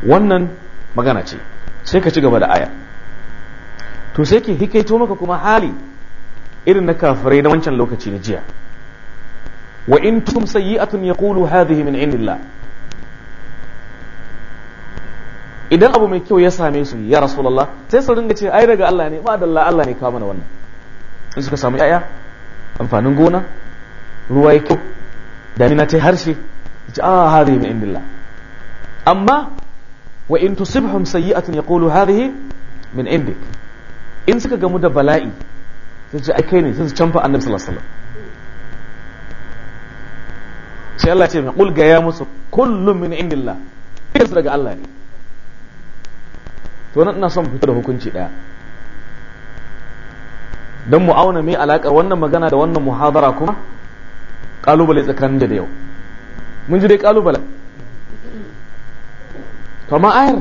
wannan magana ce sai ka ci gaba da aya to sai ke hikaito maka kuma hali irin na kafirai na wancan lokaci na jiya wa in tum sayyi'atun yaqulu hadhihi min indillah idan abu mai kyau ya same su ya rasulullah sai su ringa ce ai daga Allah ne ba da Allah ne kawo mana wannan in suka samu yaya amfanin gona ruwa da ni na ta harshe ji a ah, hadhihi min indila amma wa in tusibhum ya yaqulu hadhihi min indik in suka gamu da bala'i sai ce aikai ne sun canfa annabi sallallahu alaihi wasallam sai Allah ce mai kulga ya musu kullum min indila dukkan daga Allah ne to nan ina son fito da hukunci daya dan mu auna me alakar wannan magana da wannan muhadara kuma kalubale tsakanin da yau mun ji dai kalubalen kama ayar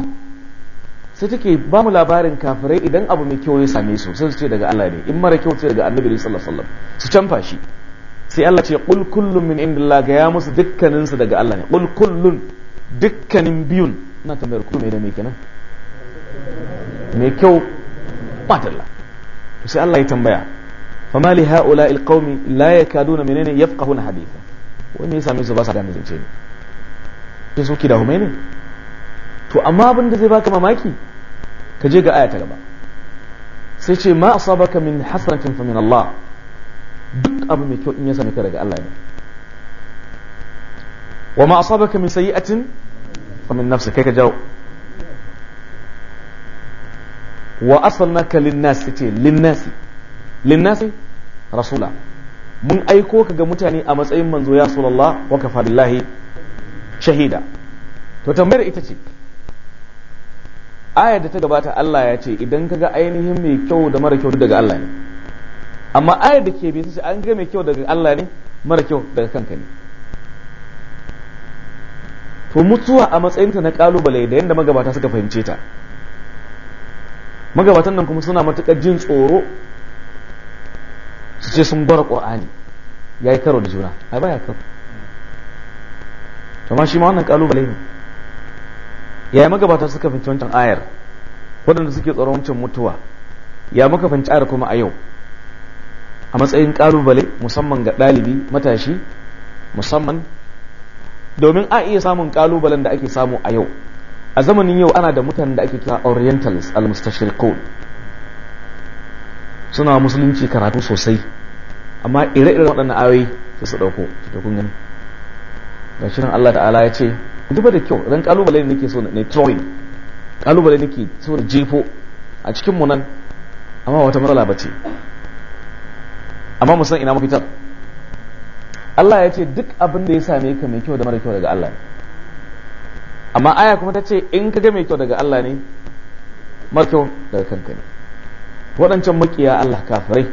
sai take ba mu labarin kafirai idan abu mai kyau ya same su sai su ce daga Allah ne in mara kyau ce daga annabi ne sallallahu alaihi su canfa shi sai Allah ce qul kullu min indillah ga ya musu dukkanin su daga Allah ne qul kullun dukkanin biyun ina tambayar ku me da me kenan me kyau matalla sai Allah ya tambaya fama li haula alqaumi la yakaduna menene yafqahuna haditha wani ya same su ba sa da zance ne ke so ki da hume amma abin da zai baka mamaki ka je ga aya ta gaba sai ce ma asabaka min hasanatin fa min Allah duk abu mai in ya same ka daga Allah ne wa ma min nafsi kai ka jawo wa ce rasula mun aiko ka ga mutane a matsayin manzo ya rasulullah wa kafa billahi shahida to tambayar ita ce ayar da ta gabata Allah ya ce idan ka ga ainihin mai kyau da mara kyau daga Allah ne amma ayar da ke bisa an ga mai kyau daga Allah ne mara kyau daga kanka ne to mutuwa a matsayinta na kalubale da yadda magabata suka fahimce ta magabatan nan kuma suna matukar jin tsoro su ce sun gwara ƙur'ani ya yi karo da juna a baya karo ma shi ma wannan ƙalubale ne ya magabata suka fi wancan ayar waɗanda suke tsoron wancan mutuwa ya muka fahimci ayar kuma a yau a matsayin ƙalubale musamman ga ɗalibi matashi musamman domin a iya samun ƙalubalen da ake samu a yau a zamanin yau ana da mutanen da ake kira orientalist al-mustashriqun suna musulunci karatu sosai amma ire-iren waɗannan ayoyi su su ɗauko da kun ga shirin Allah ta'ala ya ce duba da kyau zan kalubale ne nake so na throwing kalubale nake so na jefo a cikin nan amma wata matsala ba ce amma mu ina mafitar Allah ya ce duk abin da ya same ka mai kyau da mara kyau daga Allah ne amma aya kuma ta ce in ka ga mai kyau daga Allah ne mara kyau daga kanka ne waɗancan makiya Allah kafirai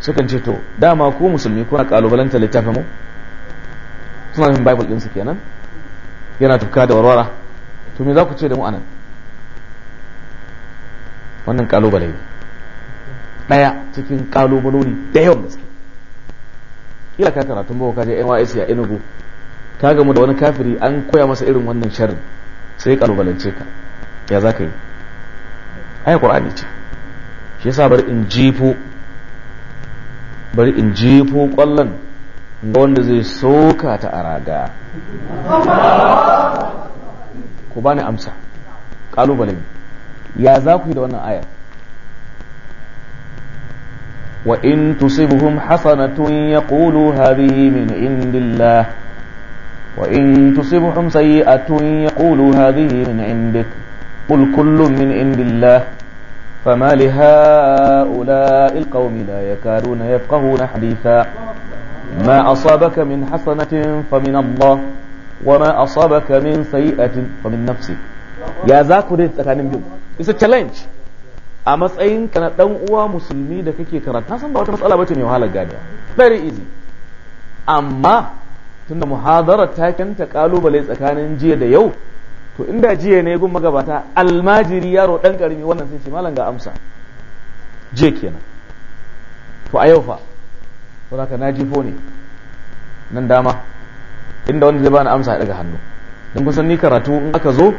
sukan ce to dama ku musulmi kuna kalubalanta littafin mu suna yin bible ɗinsu kenan yana tuka da warwara to me za ku ce da mu anan wannan kalubale ne ɗaya cikin kalubaloli da yawan gaske kila ka karatun bawa kaje NYS ya Enugu ka gamu da wani kafiri an koya masa irin wannan sharrin sai kalubalance ka ya za ka yi aya qur'ani ce shi yasa bari in jifo bari in jifo kwallon ga wanda zai soka ta a raga ku ba ni amsa kalubale ya za ku yi da wannan ayar wa in tusibuhum hasanatun yaqulu hadhihi min indillah wa in tusibuhum sayi'atun yaqulu hadhihi min indik qul kullu min indillah فما لهؤلاء القوم لا يكادون يفقهون حديثا ما أصابك من حسنة فمن الله وما أصابك من سيئة فمن نفسك ya za ku dai tsakanin biyu it's a challenge a matsayin ka na dan uwa musulmi da kake karanta san ba wata matsala bace mai wahalar gani very easy amma tunda muhadara ta kanta kalubale tsakanin jiya da yau to inda jiya ne gun magabata almajiri yaro dan karimi wannan sai ce malam ga amsa jiya kenan to a yau fa to haka na jifo ne nan dama inda wanda zai bani amsa daga hannu don kusan ni karatu in aka zo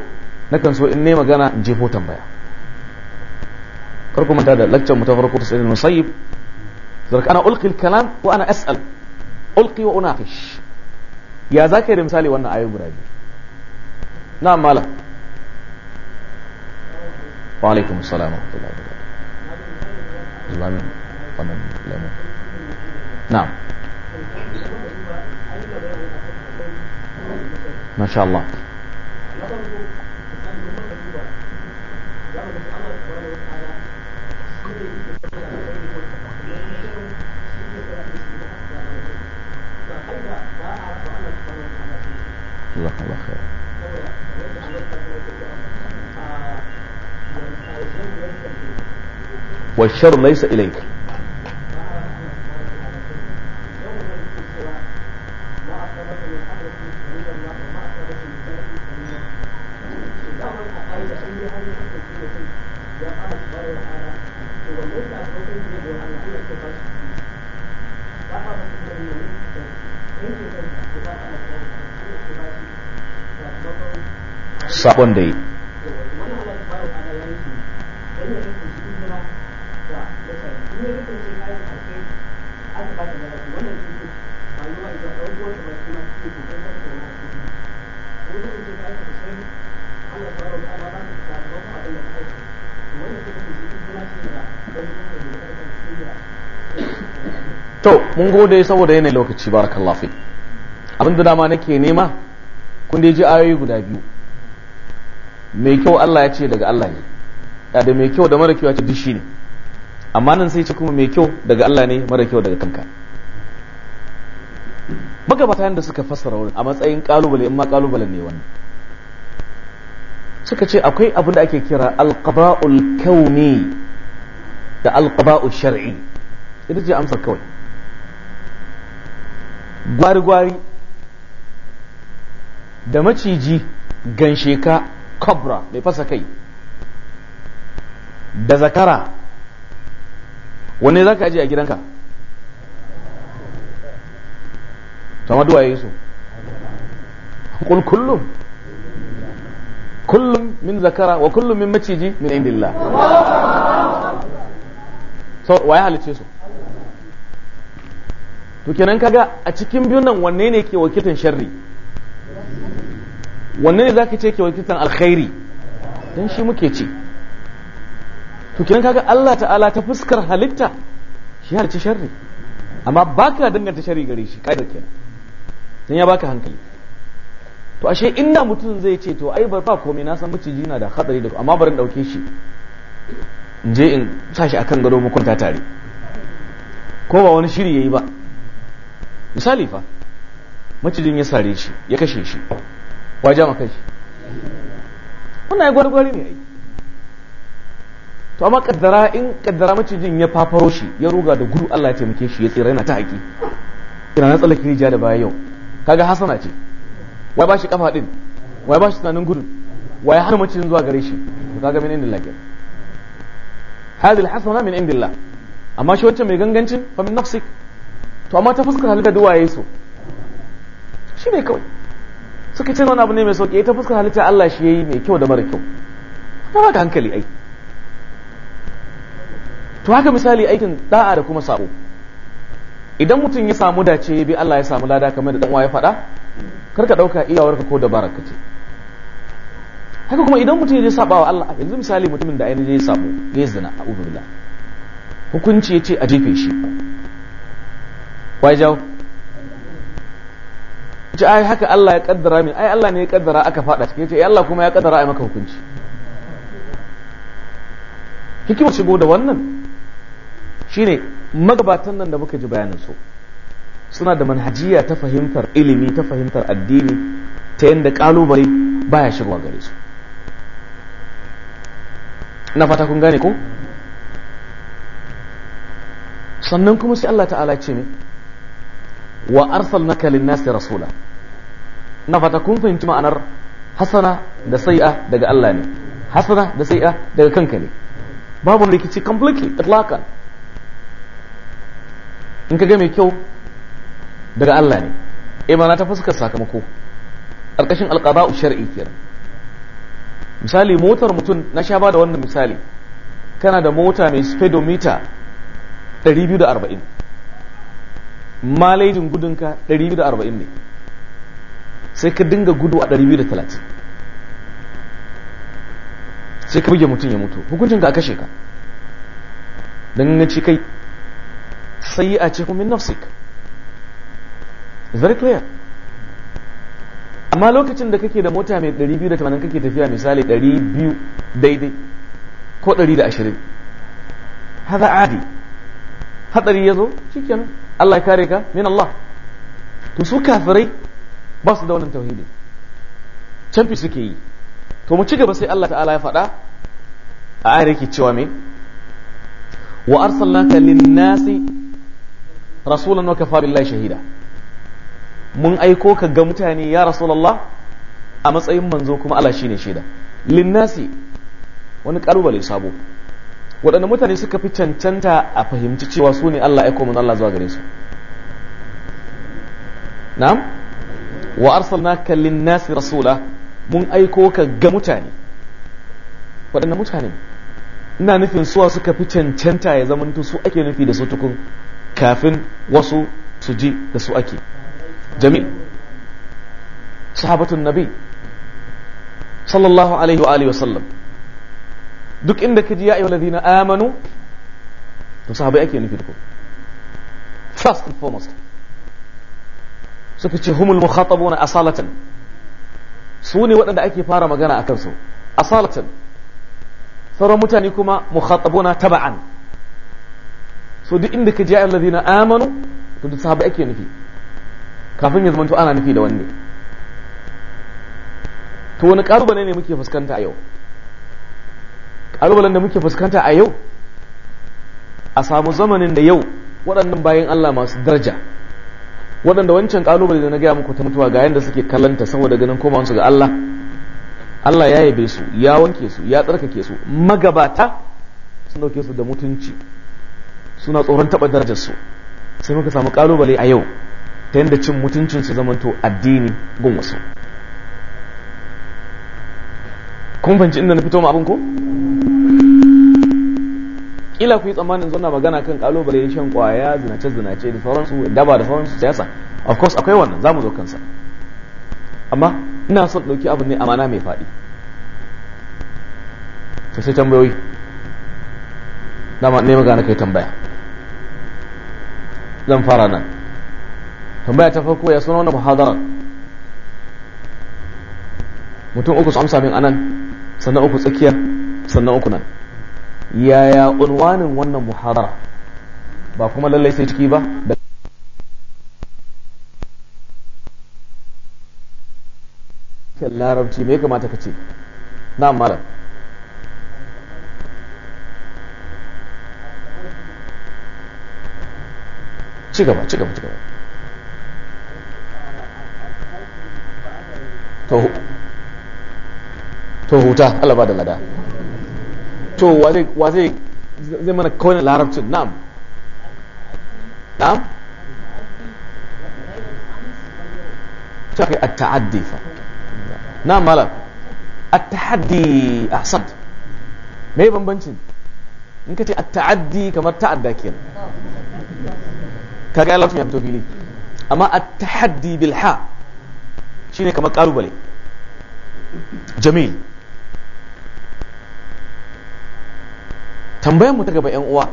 nakan so in ne magana in jefo tambaya karku manta da laccan mu ta farko ta sayyidina musayyib zarka ana ulqi al-kalam wa ana as'al ulqi wa unaqish ya zaka yi misali wannan ayoyi guda biyu نعم ماله وعليكم السلام ورحمة الله وبركاته نعم ما شاء الله wa shar laysa ilayka sabon da yi mun gode saboda yanayin lokaci barakallahu fi abin da dama nake nema kun dai ji ayoyi guda biyu mai kyau Allah ya ce daga Allah ne ya da mai kyau da mara kyau ya ce dishi ne amma nan sai ce kuma mai kyau daga Allah ne mara kyau daga kanka magabata yadda suka fassara wurin a matsayin kalubale in ma kalubale ne wannan suka ce akwai abin da ake kira alqaba'ul kauni da alqaba'ul shar'i ita ce amsar kawai gwari-gwari da maciji sheka cobra mai fasa kai da zakara wanne za ka ajiye a gidanka sama duwa yi su kullum kullum min zakara wa kullum min maciji min indillah so waye halice su to kenan kaga a cikin biyun nan wanne ne ke wakitan sharri wanne ne zaka ce ke wakitan alkhairi dan shi muke ci to kenan kaga Allah ta'ala ta fuskar halitta shi harci sharri amma baka danganta sharri gare shi da kenan dan ya baka hankali to ashe inda mutum zai ce to ai bar ba komai na san maciji na da hatsari da amma barin dauke shi in je in sa shi akan gado mu kwanta tare ko ba wani shiri yayi ba misali fa macijin ya sare shi ya kashe shi wa maka shi wannan ya gwargwari ne ai to amma kaddara in kaddara macijin ya fafaro shi ya ruga da gudu Allah ya taimake shi ya tsira yana ta haƙi ina na tsallake rijiya da baya yau kaga hasana ce wai ba shi kafa din wai ba shi tunanin gudun wai hana macijin zuwa gare shi to kaga min indillah lafiya hadhihi alhasana min indillah amma shi wancan mai gangancin fa min nafsik to amma ta fuskar halitta duwa ya shi ne kawai suka ce wani abu ne mai sauƙi ta fuskar halitta Allah shi ya yi mai kyau da mara kyau ta ka hankali ai to haka misali aikin da'a da kuma sabo idan mutum ya samu dace bi Allah ya samu lada kamar da dan ya faɗa kar ka ɗauka iyawarka ko dabarar ka ce haka kuma idan mutum ya je saba wa Allah yanzu misali mutumin da ainihin ya samu ya zina a bila hukunci ya ce a jefe shi wai jawo ce ai haka Allah ya kaddara min ai Allah ne ya kaddara aka fada cikin ce eh, Allah kuma ya kaddara ai maka hukunci hikimar shigo da wannan shine magabatan nan da muka ji bayanin su suna da manhajiya ta fahimtar ilimi ta fahimtar addini ta yanda kalubale baya shigowa gare su na fata kun gane ko sannan kuma sai Allah ta'ala ce mai wa na lin-nasi rasula na fata kun fahimci ma'anar hasana da sai'a daga Allah ne hasana da sai'a daga kanka ne babu rikici completely itlaqan in ka ga mai kyau daga Allah ne eh, na ta fuskar sakamako ƙarƙashin alqada'u shar'i kenan misali motar mutum na sha ba da wannan misali kana da mota mai speedometer 240 malejin gudunka 240 ne sai ka dinga gudu a 230 sai ka buge mutum ya mutu ka a kashe ka don na ci kai sai a ce min nafsik it's very clear amma lokacin da kake da mota mai 280 kake tafiya misali 200 daidai ko 120 haza adi hatsari ya zo shi kenan Allah ya kare ka min Allah to su kafirai ba su da wannan tauhidi canfi suke yi to mu ci gaba sai Allah ta'ala ya faɗa a ayar yake cewa me wa arsalnaka lin-nasi rasulan wa kafa billahi shahida mun aiko ka ga mutane ya rasulullah a matsayin manzo kuma Allah shine shaida lin-nasi wani kalubale sabo waɗanda mutane suka fi cancanta a fahimci cewa su ne Allah aiko manzo Allah zuwa gare su na'am wa arsalnaka lin-nasi rasula mun aiko ka ga mutane waɗanda mutane ina nufin suwa suka fi cancanta ya zamanto su ake nufi da su tukun kafin wasu su ji da su ake jami sahabatun nabi sallallahu alaihi wa alihi wa sallam duk inda ka ji ya ayyuhal ladina amanu to sahabai ake nufi da ku first and foremost suka ce humul mukhatabuna asalatan su ne waɗanda ake fara magana a kansu asalatan sauran mutane kuma mukhatabuna taba'an so duk inda ka ji ayyuhal ladina amanu to duk sahabai ake nufi kafin ya zama to ana nufi da wanne to wani ƙalubale ne muke fuskanta a yau Kalubalen da muke fuskanta a yau a samu zamanin da yau waɗannan bayan Allah masu daraja waɗanda wancan ƙalubale da na gaya muku ta mutuwa ga yadda suke kallanta saboda ganin komawansu ga Allah Allah ya yabe su ya wanke su ya tsarkake su magabata sun dauke su da mutunci suna tsoron taɓa darajarsu, sai muka samu ƙalubale a yau ta yadda cin mutuncin su zamanto addini gun wasu kun fanci inda na fito ma abin ko kila ku yi tsammanin zauna magana kan kalubale shan kwaya zinace zinace da sauransu daba da sauransu siyasa of course akwai wannan zamu zo kansa amma ina son dauki abu ne amana mai faɗi to sai tambayoyi dama ne magana kai tambaya zan fara nan tambaya ta farko ya suna wannan muhadara mutum uku su amsa min anan sannan uku tsakiya sannan uku nan yaya unwanin wannan muhadara ba kuma lallai sai ciki ba da larabci me kamata ka ce na malam ci gaba ci gaba ci gaba to huta Allah da lada to wa zai zai mana kawai larabcin na'am na'am ta kai taaddi fa na'am malam at ahsan me bambancin in ka ce at-ta'addi kamar ta'adda kenan kaga larabcin ya fito fili amma at bil ha shine kamar kalubale jamil tambayan mu ta gaba yan uwa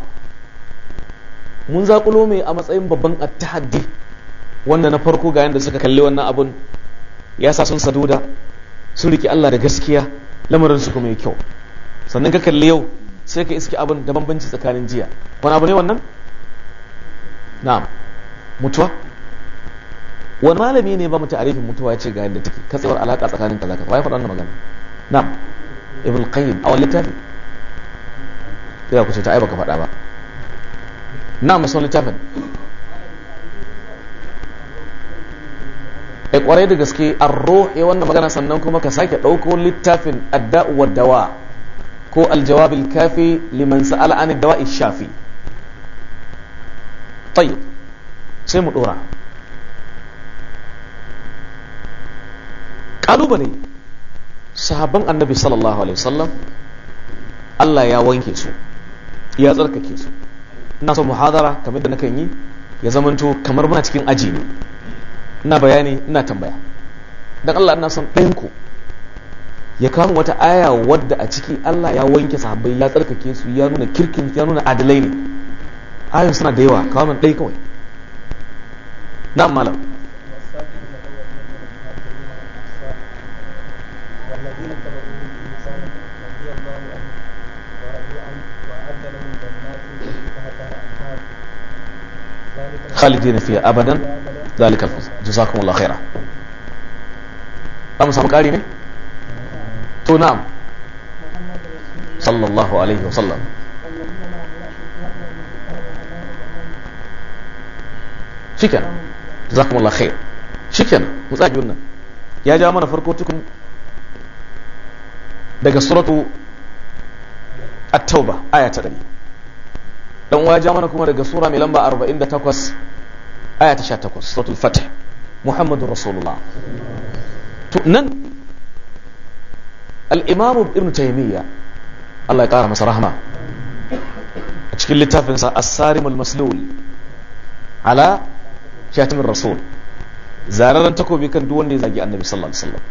mun zakulo mai a matsayin babban attahaddi wanda na farko ga yanda suka kalli wannan abun ya sa sun saduda sun riki Allah da gaskiya lamarin su kuma ya kyau sannan ka kalli yau sai ka iske abin da bambanci tsakanin jiya wani abu ne wannan na'am mutuwa wani malami ne ba mu ta'arifin mutuwa ya ce ga yadda take katsewar alaka tsakanin kaza kaza wai faɗa wannan magana na'am ibn qayyim a wani littafi sai ku ce ta ai baka faɗa ba na musan littafin e ƙwarai da gaske an rohe wannan magana sannan kuma ka sake ɗauko littafin adda'u dawa ko aljawabil kafi liman sa'ala an dawa shafi Tayi sai mu ɗora. Ƙalubale, sahabban annabi sallallahu alaihi wasallam Allah ya wanke su ya tsarkake su ina son muhadara kamar da na kan yi ya zamanto kamar muna cikin aji ne ina bayani ina tambaya don Allah ina son ɗayan ku ya kama wata aya wadda a ciki Allah ya wanke sahabbai ya tsarkake su ya nuna kirkin ya nuna adalai ne aya suna da yawa kawo min ɗaya kawai na malam khalidin fiya abadan zalika alfuz jazakumullahu ya ja farko tukun daga suratu aya ta dan waje mana kuma daga sura mai lamba 48 aya ta 18 suratul fath muhammadur rasulullah to nan al-imam ibn taymiya Allah ya kara masa rahma a cikin littafin sa as-sarimul maslul ala shatimin rasul zararren takobi kan duk wanda ya zagi annabi sallallahu alaihi wasallam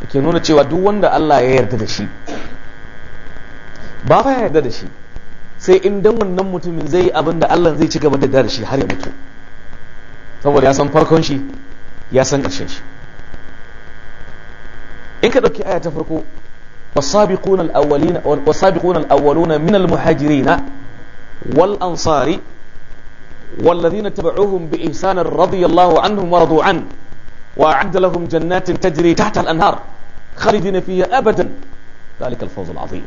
yake nuna cewa duk wanda Allah ya yarda da shi ba ya yarda da shi sai in dan wannan mutumin zai abin da Allah zai ci gaba da darshi har ya mutu saboda ya san farkon shi ya san ƙarshen shi in ka dauki aya ta farko wasabiquna alawwalina wasabiquna alawwaluna min almuhajirina wal ansari والذين تبعوهم بإحسان رضي الله عنهم ورضوا عنه وأعد لهم جنات تجري تحت الأنهار خالدين فيها أبدا ذلك الفوز العظيم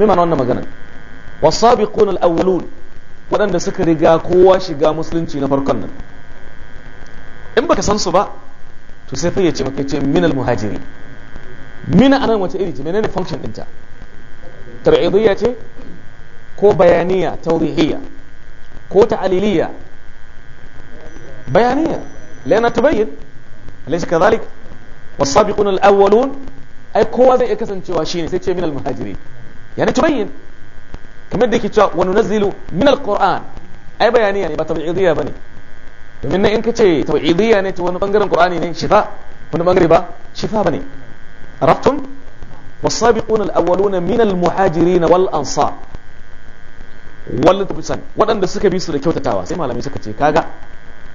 مما نوانا مغانا wasabiqun al-awwalun waɗanda suka riga kowa shiga musulunci na farkon nan in ka san su ba to sai fayyace maka ce min al-muhajiri min anan wace iri ce menene function ɗinta tar'idiyya ce ko bayaniya tawdihiyya ko ta'aliliya bayaniya lana tabayyin ai kowa zai iya kasancewa shine sai ce min kamar da yake cewa wa nunazzilu min alquran ai bayaniya ne ba tab'idiyya bane domin nan in ka ce tauhidiyya ne ta wani bangaren qur'ani ne shifa wani bangare ba shifa bane araftum was-sabiquna al-awwaluna min al wal-ansar wal tubsan wadanda suka bi su da kyautatawa sai malami ka ce kaga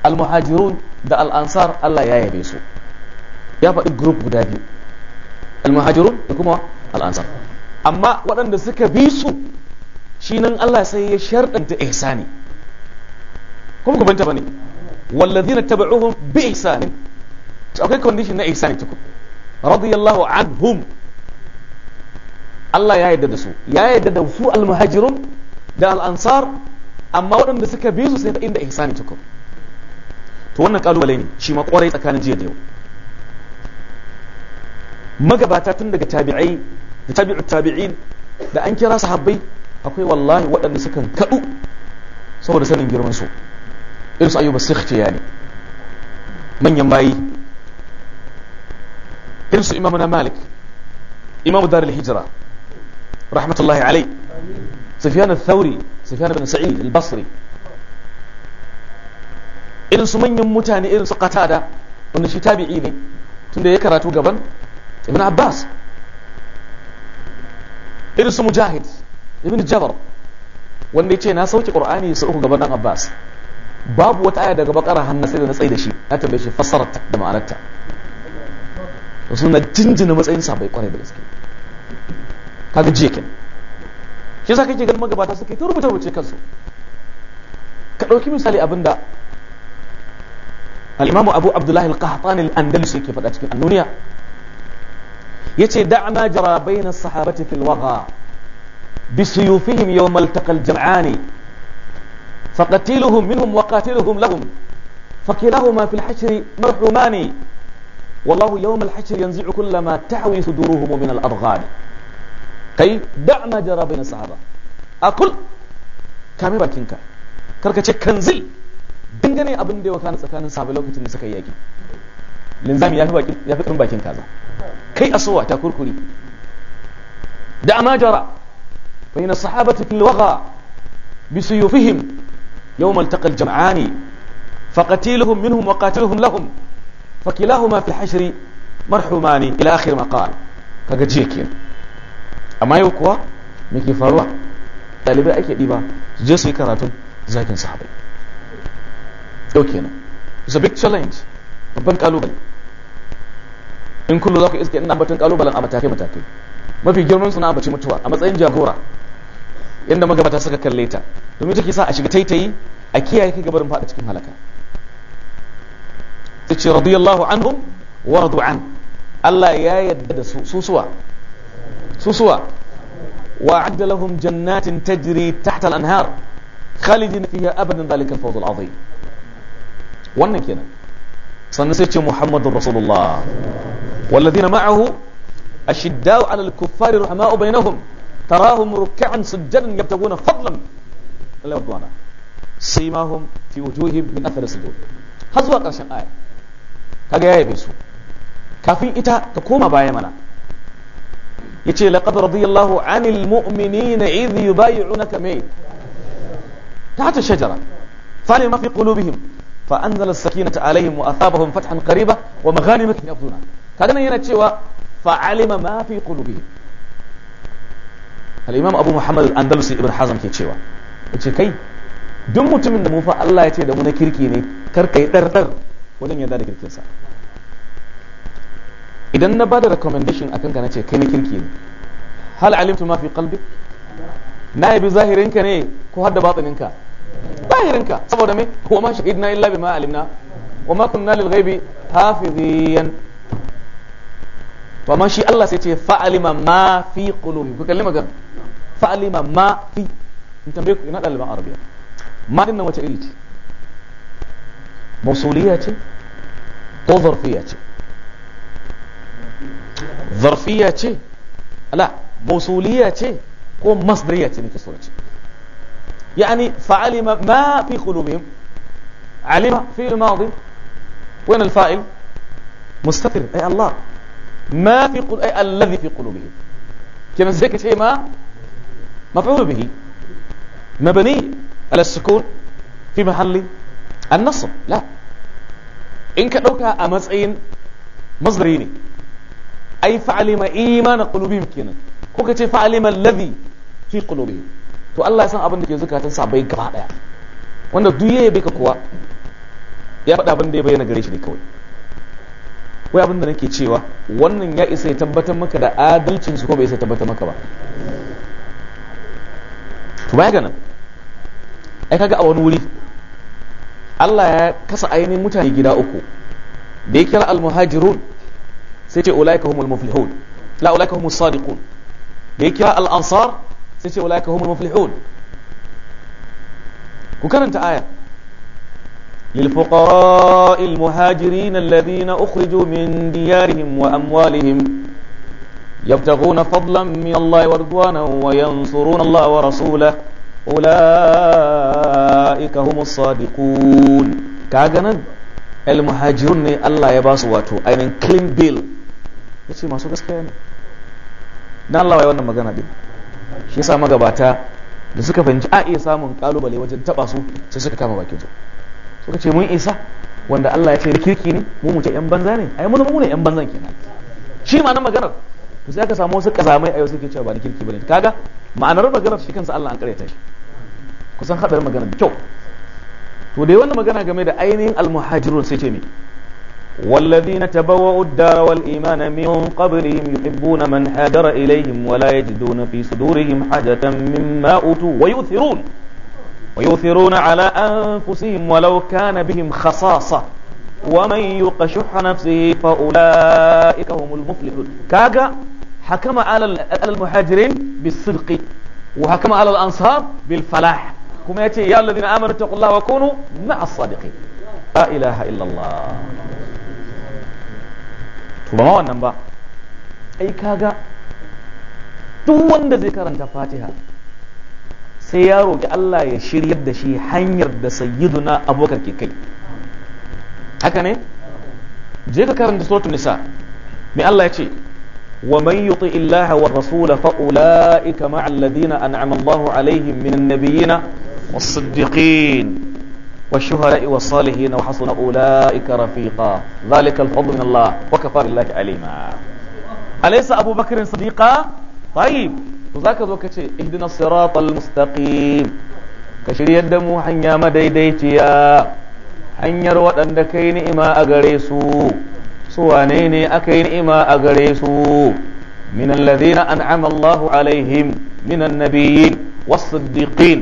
al-muhajirun da al-ansar Allah ya yabe su ya faɗi group guda biyu al-muhajirun da kuma al-ansar amma waɗanda suka bi su shi nan Allah sai ya sharɗanta ihsani kuma kubanta bane walladhina tabi'uhum bi ihsanin akwai condition na ihsani tuku radiyallahu anhum Allah ya yarda da su ya yarda da su almuhajirun da al'ansar amma waɗanda suka bi su sai ta inda ihsani tuku to wannan kalubale ne shi ma kwarai tsakanin jiya da yau magabata tun daga tabi'ai da tabi'u tabi'in da an kira sahabbai akwai wallahi waɗanda sukan kaɗu saboda sanin girman su irin su ayyuba sikhtiya ne manyan bayi irin su imamu na malik imamu darul hijira rahmatullahi alai sufyan al-thawri sufyan bin sa'id al-basri irin su manyan mutane irin su qatada wanda shi tabi'i ne tunda ya karatu gaban ibn abbas irin su mujahid ibn jabar wanda ya ce na sauke qur'ani su uku gaban dan abbas babu wata aya daga bakara hannu sai da na tsaye da shi na tambaye shi fassararta da ma'anarta suna jinjina matsayin sa bai kware da gaske kaga jiya kenan shi yasa kake ganin magabata suke ta rubuta rubuce kansu ka ɗauki misali abinda al-imamu abu abdullahi al-qahtani al-andalusi yake faɗa cikin annuniya yace ce jara bayna sahabati fil waqa بسيوفهم يوم التقى الجمعان فقتيلهم منهم وقاتلهم لهم فكلاهما في الحشر مرحومان والله يوم الحشر ينزع كل ما تحوي صدورهم من الأضغان kai da ma jara bai na sahaba a kul kame bakinka karkace kanzil dangane abin da ya wakana tsakanin sahabai da suka yi yaki linzami ya fi bakin kaza kai asowa ta kurkuri da jara بين الصحابة في الوغى بسيوفهم يوم التقى الجمعان فقتيلهم منهم وقاتلهم لهم فكلاهما في الحشر مرحومان إلى آخر ما قال فقجيك يعني. أما يوكوا ميكي فاروح طالبا أكي ديبا جسي كراتون زاكين صحابي أوكينا يعني. It's a big challenge ببن قالوا بل إن كل ذاك إذ كأننا بطن قالوا بل أما تاكي ما تاكي ما في جرمان سنا بشي متوا أما تاين جاكورا Inda magabata suka kalle ta domin take sa a shiga taitayi a kiyaye kai gabarin fada cikin halaka ta radiyallahu anhum wa radu an Allah ya yadda da su suwa. wa adda lahum jannatin tajri tahta al-anhar khalidin fiha abadan dhalika al-fawz al-azim wannan kenan sannan sai ce muhammadur rasulullah والذين معه أشداء على الكفار رحماء بينهم تراهم ركعا سجدا يبتغون فضلا لرضوانا سيماهم في وجوههم من اثر السجود هزوا قرشن آية كاقيا يبسو كافي إتا تكوما باية منا يتي لقد رضي الله عن المؤمنين إذ يبايعونك مين تحت الشجرة فعلم في قلوبهم فأنزل السكينة عليهم وأثابهم فتحا قريبا ومغانمة يأخذونها فعلم ما في قلوبهم al'imam abu muhammad al'andalusi ibn hazm ke cewa ce kai duk mutumin da mu Allah ya ce da mu kirki ne kar ka yi ɗarɗar wajen yadda da kirkinsa idan na ba da recommendation akan ka na ce kai na kirki ne hal alimtu ma fi kalbi? na yabi zahirinka ne ko har da batininka zahirinka saboda me wa ma shahidna illa bima alimna wa ma kunna lil ghaibi hafiziyan to amma shi Allah sai ce fa'alima ma fi qulubi ku kalli magana fa'alima ma fi in tambaye ku ina daliban arabiya ma din nan wace iri ce mausuliya ce ko zarfiya ce zarfiya ce ala mausuliya ce ko masdariya ce nake so ce يعني فعلم ما في قلوبهم علم في الماضي وين الفائل مستتر أي الله ما في قل... أي الذي في قلوبهم كما زيك شيء ما مفعول به مبني على السكون في محل النصب لا إن كدوك أمسعين مصدريني أي فعل ما إيمان قلوبهم كنا كوكا ما الذي في قلوبهم تو الله ya أبن abin زكاة ke كبار sabai gaba daya wanda يا yayi أبن kuwa ya faɗa abin da wai abin da nake cewa wannan ya isa ya tabbatar maka da adalcin su ko bai isa ya tabbatar maka ba to baya ga nan ai kaga a wani wuri Allah ya kasa ainihin mutane gida uku da ya kira al-muhajirun sai ce ulaika humul muflihun la ulaika humus sadiqun da ya kira al-ansar sai ce ulaika humul muflihun ku karanta aya للفقراء المهاجرين الذين أخرجوا من ديارهم وأموالهم يبتغون فضلا من الله ورضوانا وينصرون الله ورسوله أولئك هم الصادقون كاغنا المهاجرون الله يباس واتو I mean clean bill yace masu gaskiya ne na Allah ya wannan magana din shi yasa magabata da suka fahimci a iya samun kalubale wajen taba su sai suka kama bakin suka ce mun isa wanda Allah ya ce da kirki ne mu mu ce yan banza ne ai mun mu ne yan banzan kenan shi ma nan maganar to sai aka samu wasu kazamai a suke cewa ba da kirki bane kaga ma'anar maganar shi kansa Allah an karyata shi kusan hadarin maganar kyau to dai wannan magana game da ainihin almuhajirun sai ce me والذين تبوأوا الدار والإيمان من قبلهم يحبون من هاجر إليهم ولا يجدون في صدورهم حاجة مما أوتوا ويؤثرون ويؤثرون على أنفسهم ولو كان بهم خصاصة ومن يوق شح نفسه فأولئك هم المفلحون كاغا حكم على المهاجرين بالصدق وحكم على الأنصار بالفلاح كما يأتي يا الذين آمنوا اتقوا الله وكونوا مع الصادقين لا إله إلا الله تبما wannan ba ai kaga duk wanda zai karanta Fatiha sai ya roƙi Allah ya shiryar da shi hanyar da sayyiduna abubakar ke kai haka ne je ka karanta suratul nisa mai Allah ya ce wa man yuti illaha war rasula fa ulaika ma'a alladhina an'ama Allahu alaihim minan nabiyyina was-siddiqin wa hasuna وحسن rafiqa رفيقا ذلك الفضل من الله وكفى بالله عليما أليس أبو بكر صديقا طيب to zaka zo ka ce idina siratal mustaqim ka shiryar da mu hanya madaidaiciya hanyar waɗanda kai ni'ima a gare su su wane ne aka yi ni'ima a gare su من الذين أنعم الله عليهم من النبيين والصديقين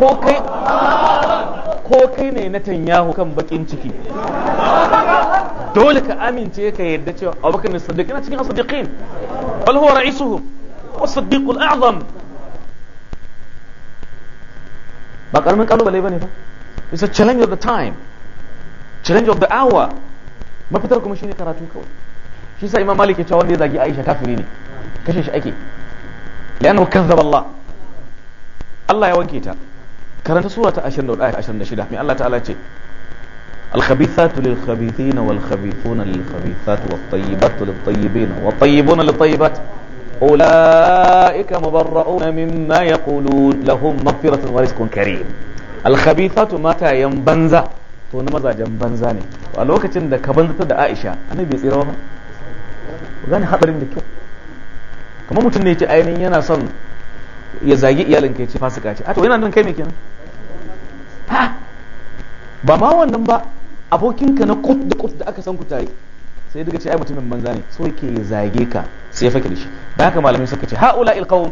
كوكي كوكي ne na Netanyahu kan bakin ciki dole ka amince ka yadda cewa Abubakar Siddiq yana cikin as-siddiqin bal huwa ra'isuhum والصديق الأعظم ba karamin kalubale ba ne ba it's a challenge of the time challenge of the hour mafitar kuma shine karatu kawai shi sa imam malik ya ce wanda ya zagi aisha kafiri ne kashe shi ake li'annahu kazzaba Allah Allah ya wanke ta karanta sura ta 24 ayat 26 mai Allah ta'ala ce الخبيثات للخبيثين والخبيثون للخبيثات والطيبات للطيبين والطيبون للطيبات أولئك مبرؤون مما يقولون لهم مغفرة ورزق كريم الخبيثات ماتا ينبنزا to na mazajen banza ne a lokacin da ka banzata da Aisha annabi bai tsira ba gane haɗarin da kyau kamar mutum ne ce ainihin yana son ya zagi iyalin kai ce fasika ce a to yana nan kai mai kenan ha ba ma wannan ba abokinka na kut da kut da aka san ku tare sai daga ce ai mutumin banza ne so yake zage ka sai fake da shi da haka malamai suka ce haula ilqawm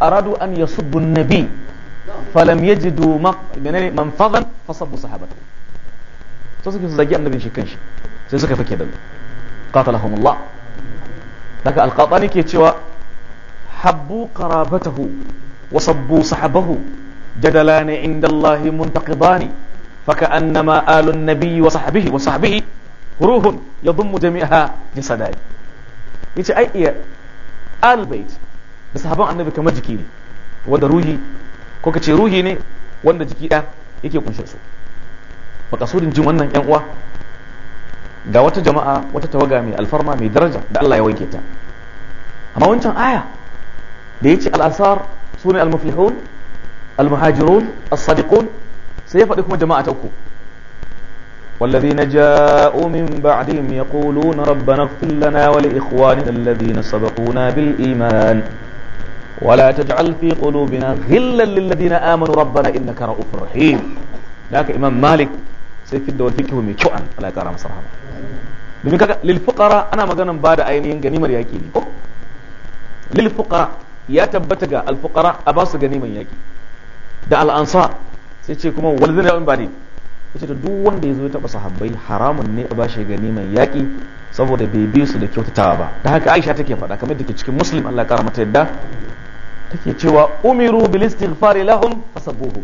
aradu an yasubbu an-nabi falam yajidu man manfadan fasabbu sahabatu so suke su zage annabin shi kanshi sai suka fake da qatalahumullah daga alqatani ke cewa habbu qarabatahu wa sabbu sahabahu jadalani inda Allah muntaqidani فكأنما آل النبي وصحبه وصحبه ruhun ya dummu jami'a Ya yace ai iya albait da sabon annabi kamar jiki ne wanda ruhi ko kace ruhi ne wanda jiki ɗaya yake kunshe su makasudin jin wannan yan uwa ga wata jama'a wata tawaga mai alfarma mai daraja da Allah ya wanke ta amma wancan aya da yace al'asar ansar sune al-muflihun al-muhajirun as-sadiqun sai ya faɗi kuma jama'a ta uku والذين جاءوا من بعدهم يقولون ربنا اغفر لنا ولإخواننا الذين سبقونا بالإيمان ولا تجعل في قلوبنا غلا للذين آمنوا ربنا إنك رؤوف رحيم لك إمام مالك سيف الدول فيكه ميكوان على كرام صراحة للفقراء أنا ما قلنا بعد أيمين غنيمة ياكيني للفقراء يا تبتغى الفقراء أباس غنيمة ياكي دع الأنصار سيتشي كما والذين يؤمن بعدين yace da duk wanda ya zo ya taba sahabbai haramun ne a bashi gani mai yaƙi saboda bai bi su da kyautatawa ba da haka Aisha take faɗa kamar da ke cikin Muslim Allah kara mata yadda take cewa umiru bilistin fari lahun fasabuhu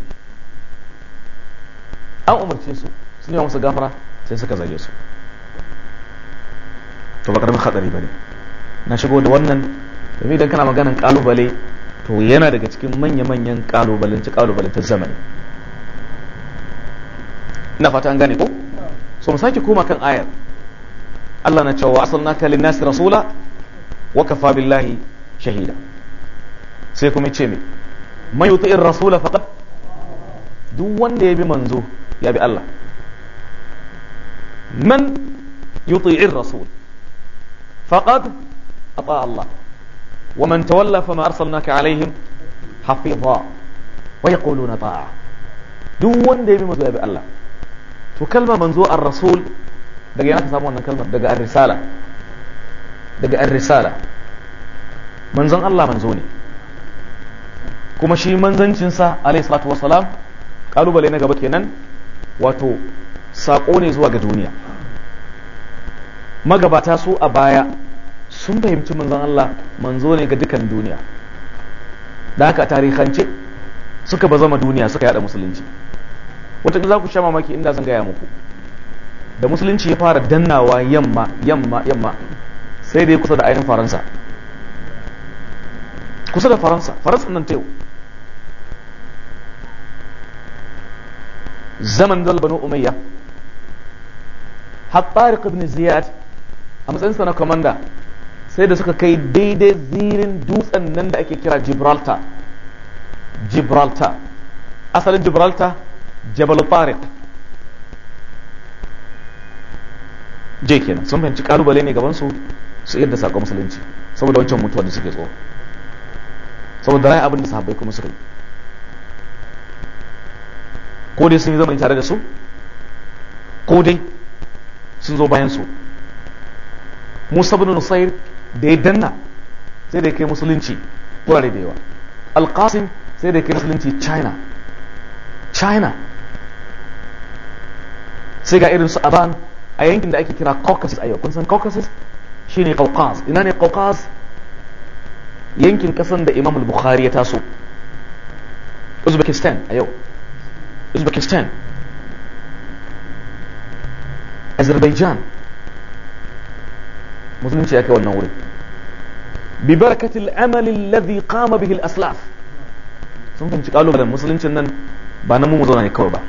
an umarce su sun yi musu gafara sai suka zage su to ba karamin ba ne na shigo da wannan domin idan kana maganan kalubale to yana daga cikin manya-manyan kalubalen kalubalen ta zamani ina fata an gane ko so mu sake koma kan ayar Allah na cewa arsalnaka lin-nasi rasula wa kafa billahi shahida sai kuma ce me man yuti rasula faqad duk wanda ya bi manzo ya bi Allah man yuti rasul faqad ata Allah wa man tawalla fama arsalnaka alaihim hafiza wa yaquluna ta'a duk wanda ya bi manzo ya bi Allah to kalmar manzo ar-rasul daga yana ka samu wannan kalmar daga ar-risala daga ar-risala manzon Allah manzo ne kuma shi manzancinsa alayhi salatu wassalam kalubale na gaba kenan wato sako ne zuwa ga duniya magabata su a baya sun fahimci manzon Allah manzo ne ga dukan duniya da haka tarihance suka bazama duniya suka yada musulunci wata za ku sha mamaki inda zan gaya muku da musulunci ya fara dannawa yamma yamma yamma sai dai kusa da ainihin faransa kusa da faransa faransa nan ta yau zaman dal banu umayya hattari ibn ziyad a matsayinsa na komanda sai da suka kai daidai zirin dutsen nan da ake kira gibraltar gibraltar asalin gibraltar jabal tariq je kenan sun fahimci kalubale ne gaban su su yadda sako musulunci saboda wancan mutuwa da suke tsoro saboda rai abin da sahabbai kuma suka yi ko dai sun yi zamani tare da su ko dai sun zo bayan su musa bin nusair da ya danna sai da ya kai musulunci wurare da yawa alkasim sai da ya kai musulunci china china sai ga irin su aban a yankin da ake kira caucasus a yau kun san caucasus shine caucasus ina ne caucasus yankin kasan da imam al-bukhari ya taso uzbekistan a yau uzbekistan azerbaijan musulunci ya kai wannan wurin bi barakatil amalin ladhi qama bihi al-aslaf sun fahimci kalubalen musuluncin nan ba na mu mu zauna ne kawai ba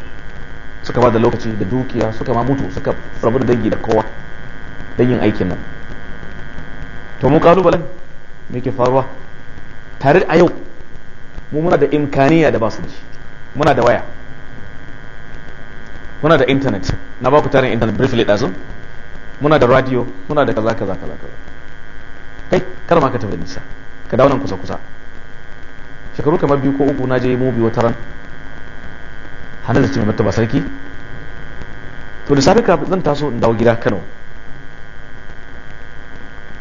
suka ba da lokaci da dukiya suka ma mutu suka rabu da dangi da kowa don yin aikin nan to mu kalubalen me ke faruwa tare a yau mu muna da imkaniya da basu da shi muna da waya muna da intanet na ba ku tarin intanet briefly ɗazu muna da radio muna da kaza kaza kaza kaza kai kar ma ka tafi da nisa ka dawo nan kusa kusa shekaru kamar biyu ko uku na je mu wata ran hannun da ce mai ba sarki to da safe kafin zan taso in dawo gida kano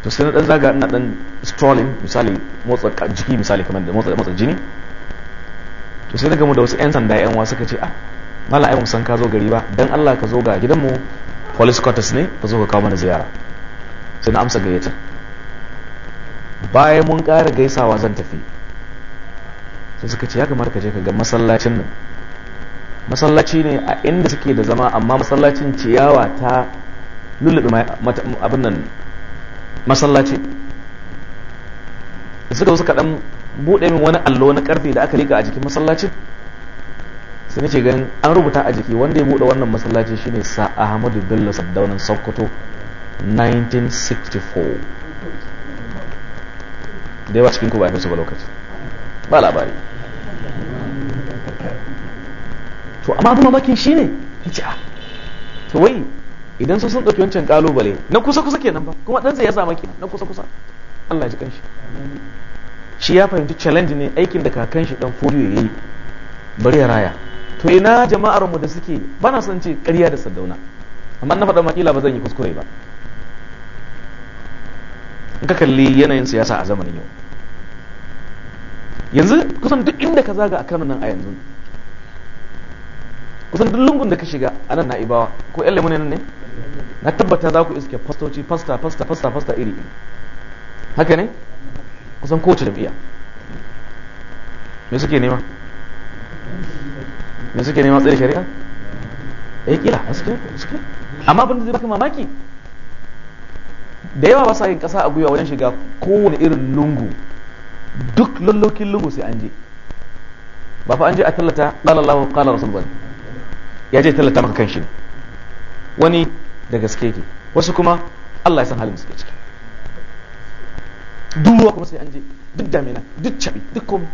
to sai na dan zaga ina dan strolling misali motsa jiki misali kamar da motsa jini to sai na gamu da wasu 'yan sanda 'yan wa suka ce a ah, mala ai san ka zo gari ba dan Allah ka zo ga gidanmu police quarters ne ka zo ka kawo mana ziyara sai na amsa gayyata bayan mun kara gaisawa zan tafi sai suka ce ya kamata ka je ka ga masallacin nan masallaci ne a inda suke da zama amma masallacin ciyawa ta lullube abin nan masallaci suka wasu kaɗan buɗe min wani allo na karfe da aka lika a jikin masallacin sai nace ganin an rubuta a jiki wanda ya buɗe wannan masallaci shine sa Ahmadu Bello Saddaunan Sokoto 1964 da yawa cikin ku ba su ba lokaci ba labari to amma abin mamakin shi ne ya to wai idan su sun ɗauki wancan ƙalubale na kusa-kusa kenan ba kuma ɗansa ya zama kenan na kusa-kusa Allah ji kanshi shi ya fahimci challenge ne aikin da kakan shi fudu ya yi. bari ya raya to ina jama'ar mu da suke bana son ce ƙarya da saddauna amma na faɗa makila ba zan yi kuskure ba in ka kalli yanayin siyasa a zamanin yau yanzu kusan duk inda ka zaga a kan nan a yanzu kusan duk lungun da ka shiga a nan ibawa ko yan lemunan ne na tabbata za ku iske fastoci fasta fasta fasta fasta iri iri haka ne kusan kowace jam'iyya me suke nema me suke nema tsere shari'a eh kila suke suke amma abin da zai baka mamaki da yawa ba sa yin kasa a gwiwa wajen shiga kowane irin lungu duk lallokin lungu sai an je ba fa an je a tallata qala Allahu qala rasul ya je tallata maka kanshi wani da gaske ke wasu kuma Allah ya san halin suke ciki duk ruwa kuma sai an je duk damina duk cabi duk komai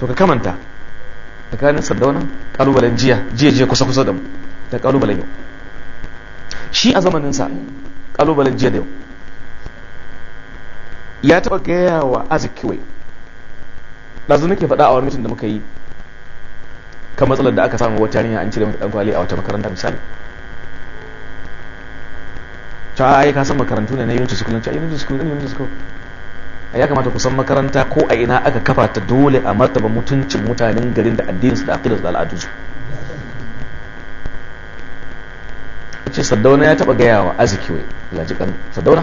to ka kamanta tsakanin sardauna kalubalen jiya jiya jiya kusa kusa da mu da kalubalen yau shi a zamanin sa kalubalen jiya da yau ya taba gaya wa azikiwai lazu nake faɗa a wani mutum da muka yi kan matsalar da aka samu wata yarinya an cire mata dan kwali a wata makaranta misali ta ai ka san makarantu ne na yunci su kullun ta yunci su kullun yunci su yi ya kamata ku san makaranta ko a ina aka kafa ta dole a martaba mutuncin mutanen garin da addininsu da aqidarsu da su ce saddauna ya taba gaya wa azikiwe lajikan saddauna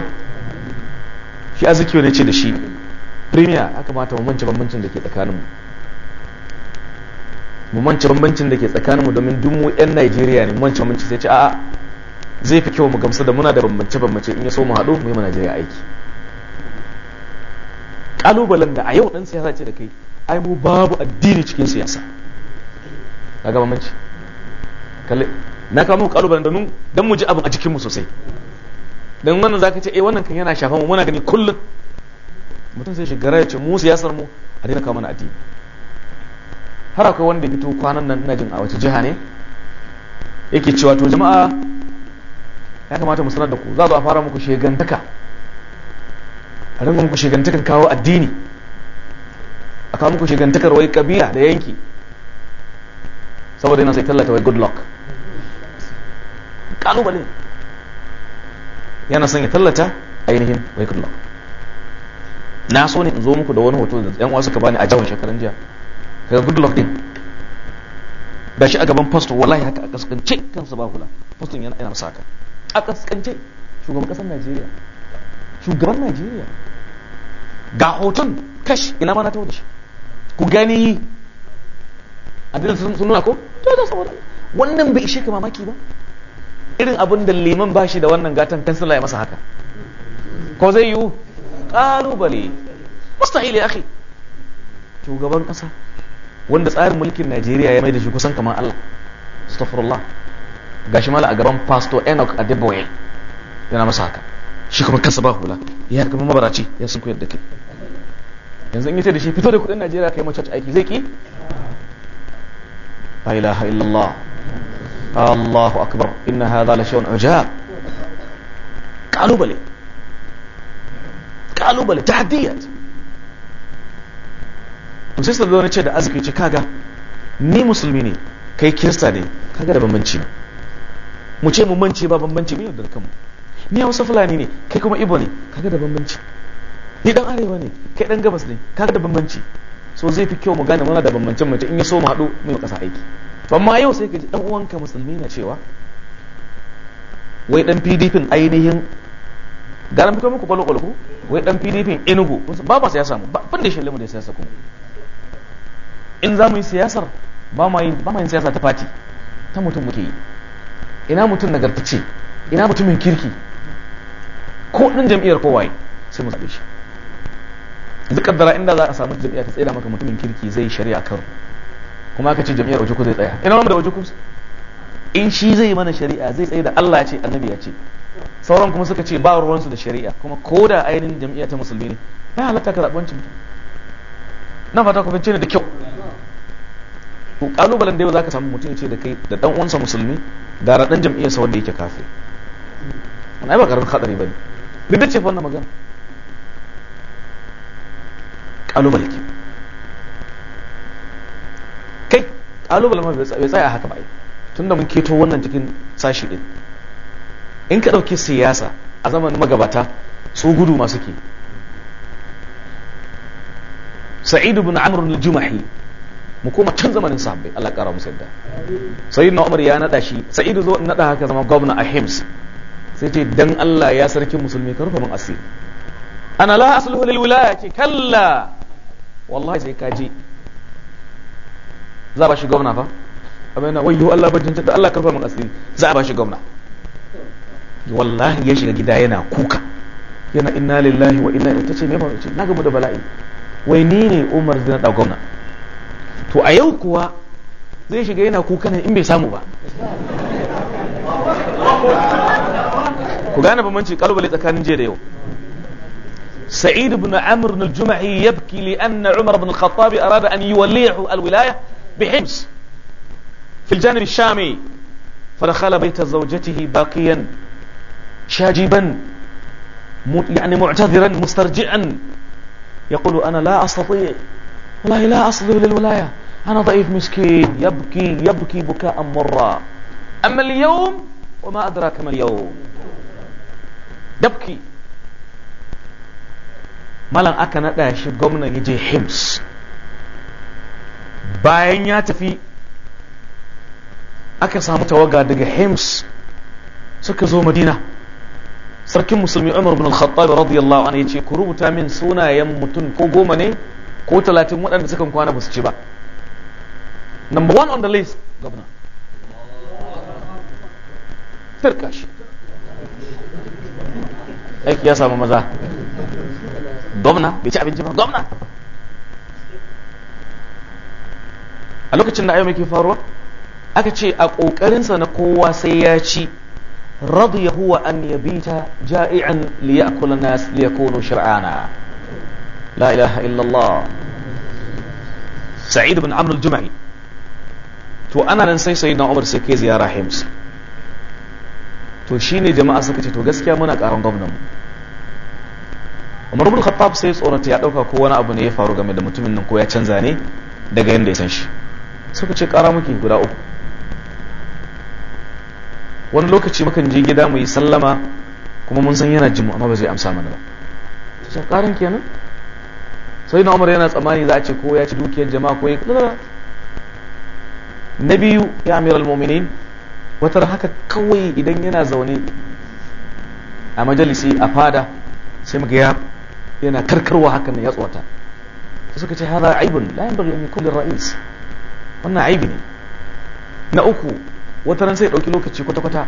shi azikiwe ne ce da shi premier aka mata bambancin bambancin da ke tsakaninmu mu mance bambancin da ke tsakaninmu domin duk mu 'yan Najeriya ne mu mance sai ce a'a zai fi kyau mu gamsu da muna da bambance bambance in ya so mu haɗu mu yi ma Najeriya aiki Ƙalubalen da a yau ɗan siyasa ce da kai ai mu babu addini cikin siyasa a ga bambanci kalle na kawo muku ƙalubalen domin don mu ji abin a cikin mu sosai don wannan zaka ce eh wannan kan yana shafa mu muna gani kullum. mutum sai shiga ya ce mu siyasar mu a dina kama mana addini har akwai wanda fito kwanan nan na jin a wace jiha ne yake cewa to jama'a ya kamata mu sanar da ku za zo a fara muku shegantaka a ringa muku shegantakan kawo addini a kawo muku shegantakar wai kabila da yanki saboda yana sai tallata wai good luck kalubalin yana son ya tallata ainihin wai good luck na so ne in zo muku da wani hoto da yan uwa suka bani a jawon shekaran jiya daga good luck din ba shi a gaban post wallahi haka a kaskance kansa ba hula postin yana yana saka a kaskance shugaban kasar Najeriya shugaban Najeriya ga hoton kash ina ma na tawo da shi ku gani a da sun nuna ko to da saboda wannan bai ishe ka mamaki ba irin abin da liman ba shi da wannan gatan kansila ya masa haka ko zai yiwu ƙalubale mustahili akhi shugaban ƙasa wanda tsarin mulkin najeriya ya mai da shi kusan kamar allah astaghfirullah gashi mala a gaban pastor enoch adeboye yana masa haka shi kuma kansa ba hula ya kama mabaraci ya sun koyar da kai yanzu in yi da shi fito da kudin najeriya kai yi mace aiki zai ki la ilaha illallah allahu akbar inna hadha la shay'un ajab kalubale kalubale tahdiyat sai su zo ce da arziki ce kaga ni musulmi ne kai kirista ne kaga da bambanci mu ce mu ba bambanci mu yadda kanmu ni hausa fulani ne kai kuma ibo ne kaga da bambanci ni dan arewa ne kai dan gabas ne kaga da bambanci so zai fi kyau mu gane muna da bambancin mace in ya so mu haɗu mu kasa aiki amma yau sai ka ji dan uwanka musulmi na cewa wai dan PDP ainihin garan fito muku kwalo kwalo wai dan PDP Enugu ba ba sai ya samu ba ban da shi lamu da siyasa kuma in za mu yi siyasar ba ma yin siyasa ta fati ta mutum muke yi ina mutum nagartace ina mutumin kirki ko ɗin jam'iyyar kowaye sai mu zaɓe shi yanzu kaddara inda za a samu jam'iyyar ta tsira maka mutumin kirki zai shari'a kan kuma aka ce jam'iyyar ojuku zai tsaya ina wanda da ojuku in shi zai mana shari'a zai tsaye da Allah ce annabi ya ce sauran kuma suka ce ba ruwansu da shari'a kuma ko da ainihin jam'iyyar ta musulmi ne ya halatta ka zaɓi wancan na fata ku ce ne da kyau to kalubalen da yau ka samu mutum ce da kai da dan uwansa musulmi gara dan jam'iyyarsa wanda yake kafe. wannan ai ba karamin hadari bane duk da ce wannan magana kalubale ke kai kalubale ma bai tsaya haka ba tunda mun keto wannan cikin sashi din in ka dauki siyasa a zamanin magabata su gudu masu ke sa'idu bin amurin al-jumahi mu koma can zamanin sahabbai Allah ƙara musu yadda na Umar ya nada shi Sa'idu zo nada haka zama gwamna a Hims sai ce dan Allah ya sarkin musulmi ka rufa min asiri ana la asluhu lil wilaya ki kalla wallahi sai ka ji za ba shi gwamna fa amma yana wayyo Allah bajin da Allah karfa min asiri za a ba shi gwamna wallahi ya shiga gida yana kuka yana inna lillahi wa inna ilaihi ce me ba ce na gamu da bala'i wai ni ne Umar zai na gwamna to a yau kuwa zai shiga yana kukan in bai samu ba ku gane bambanci kalubale tsakanin jiya da yau سعيد بن عمرو بن الجمعي يبكي لأن عمر بن الخطاب أراد أن يوليه الولاية بحمص في الجانب الشامي فدخل بيت زوجته باقيا شاجبا يعني معتذرا مسترجعا يقول أنا لا أستطيع والله لا أصل للولاية أنا ضعيف مسكين يبكي يبكي بكاء مرا أما اليوم وما أدراك ما اليوم يبكي مالا أكن أداش قمنا يجي حمص باين يتفي أكن سامو توقع دقي حمص سكزو مدينة سركم مسلمي عمر بن الخطاب رضي الله عنه يجي كروب من سونا يمتن كو قومني كو تلاتي مؤلاء بسكم كوانا بسجبا Number one on the list, Governor. Firkash. Aiki ya samu maza. Gwamna, bai ci abinci ba, gwamna. A lokacin da ayyau ke faruwa, aka ce a ƙoƙarinsa na kowa sai ya ci رضي هو أن يبيت جائعا ليأكل الناس ليكونوا شرعانا لا إله إلا الله سعيد بن عمرو الجمعي to ana nan sai dan Umar sai kai ziyara Hims to shine jama'a suka ce to gaskiya muna karan gwamnan mu Umar ibn Khattab sai tsorata ya dauka ko wani abu ne ya faru game da mutumin nan ko ya canza ne daga yanda ya san shi suka ce kara muke guda uku wani lokaci mukan je gida mu yi sallama kuma mun san yana jimu amma ba zai amsa mana ba sai karin kenan sai na umar yana tsammani za a ce ko ya ci dukiyar jama'a ko ya na biyu ya amiral mominin wata haka kawai idan yana zaune a majalisi a fada sai muka ya yana karkarwa hakan nan ya tsota su suka ce haza aibun layan bari an yakuna rais wannan aibi ne na uku wata ran sai dauki lokaci kwata kwata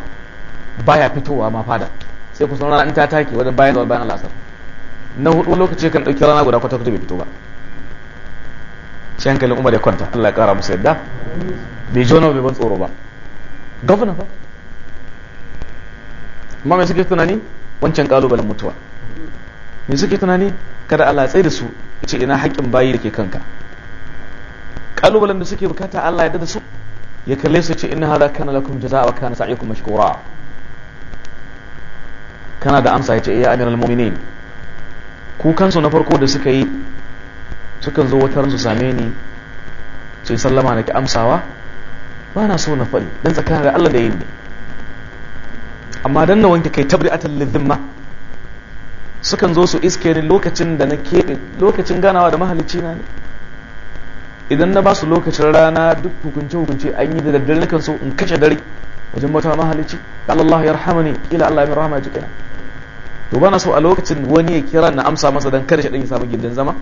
baya fitowa ma fada sai ku sanar an ta take wajen bayan bayan al'asar na hudu lokaci kan dauki rana guda kwata kwata bai fito ba sai hankalin umar ya kwanta Allah ya kara musu yadda bai ji wani ban tsoro ba gwamna ba amma mai suke tunani wancan kalubalen mutuwa mai suke tunani kada Allah ya tsaye da su ce ina haƙƙin bayi da ke kanka kalubalen da suke bukata Allah ya da su ya kalle su ce ina hada kana lakum jaza'a wa kana sa'ikum mashkura kana da amsa ya ce eh, ya amiral mu'minin kukansu na farko da suka yi sukan zo wata su same ni su yi sallama na ki amsawa ba na so na faɗi don tsakanin da Allah da yin ne amma don na wanke kai tabri'atan ma sukan zo su iske ni lokacin da na keɓe lokacin ganawa da mahalicci na ne idan na ba su lokacin rana duk hukunce hukunce an yi da daddare nakan so in kashe dare wajen bata mahalicci Allah ya rahamani ila Allah ya rahama jikina to ba na so a lokacin wani ya kira na amsa masa don kada shi dan ya samu gindin zama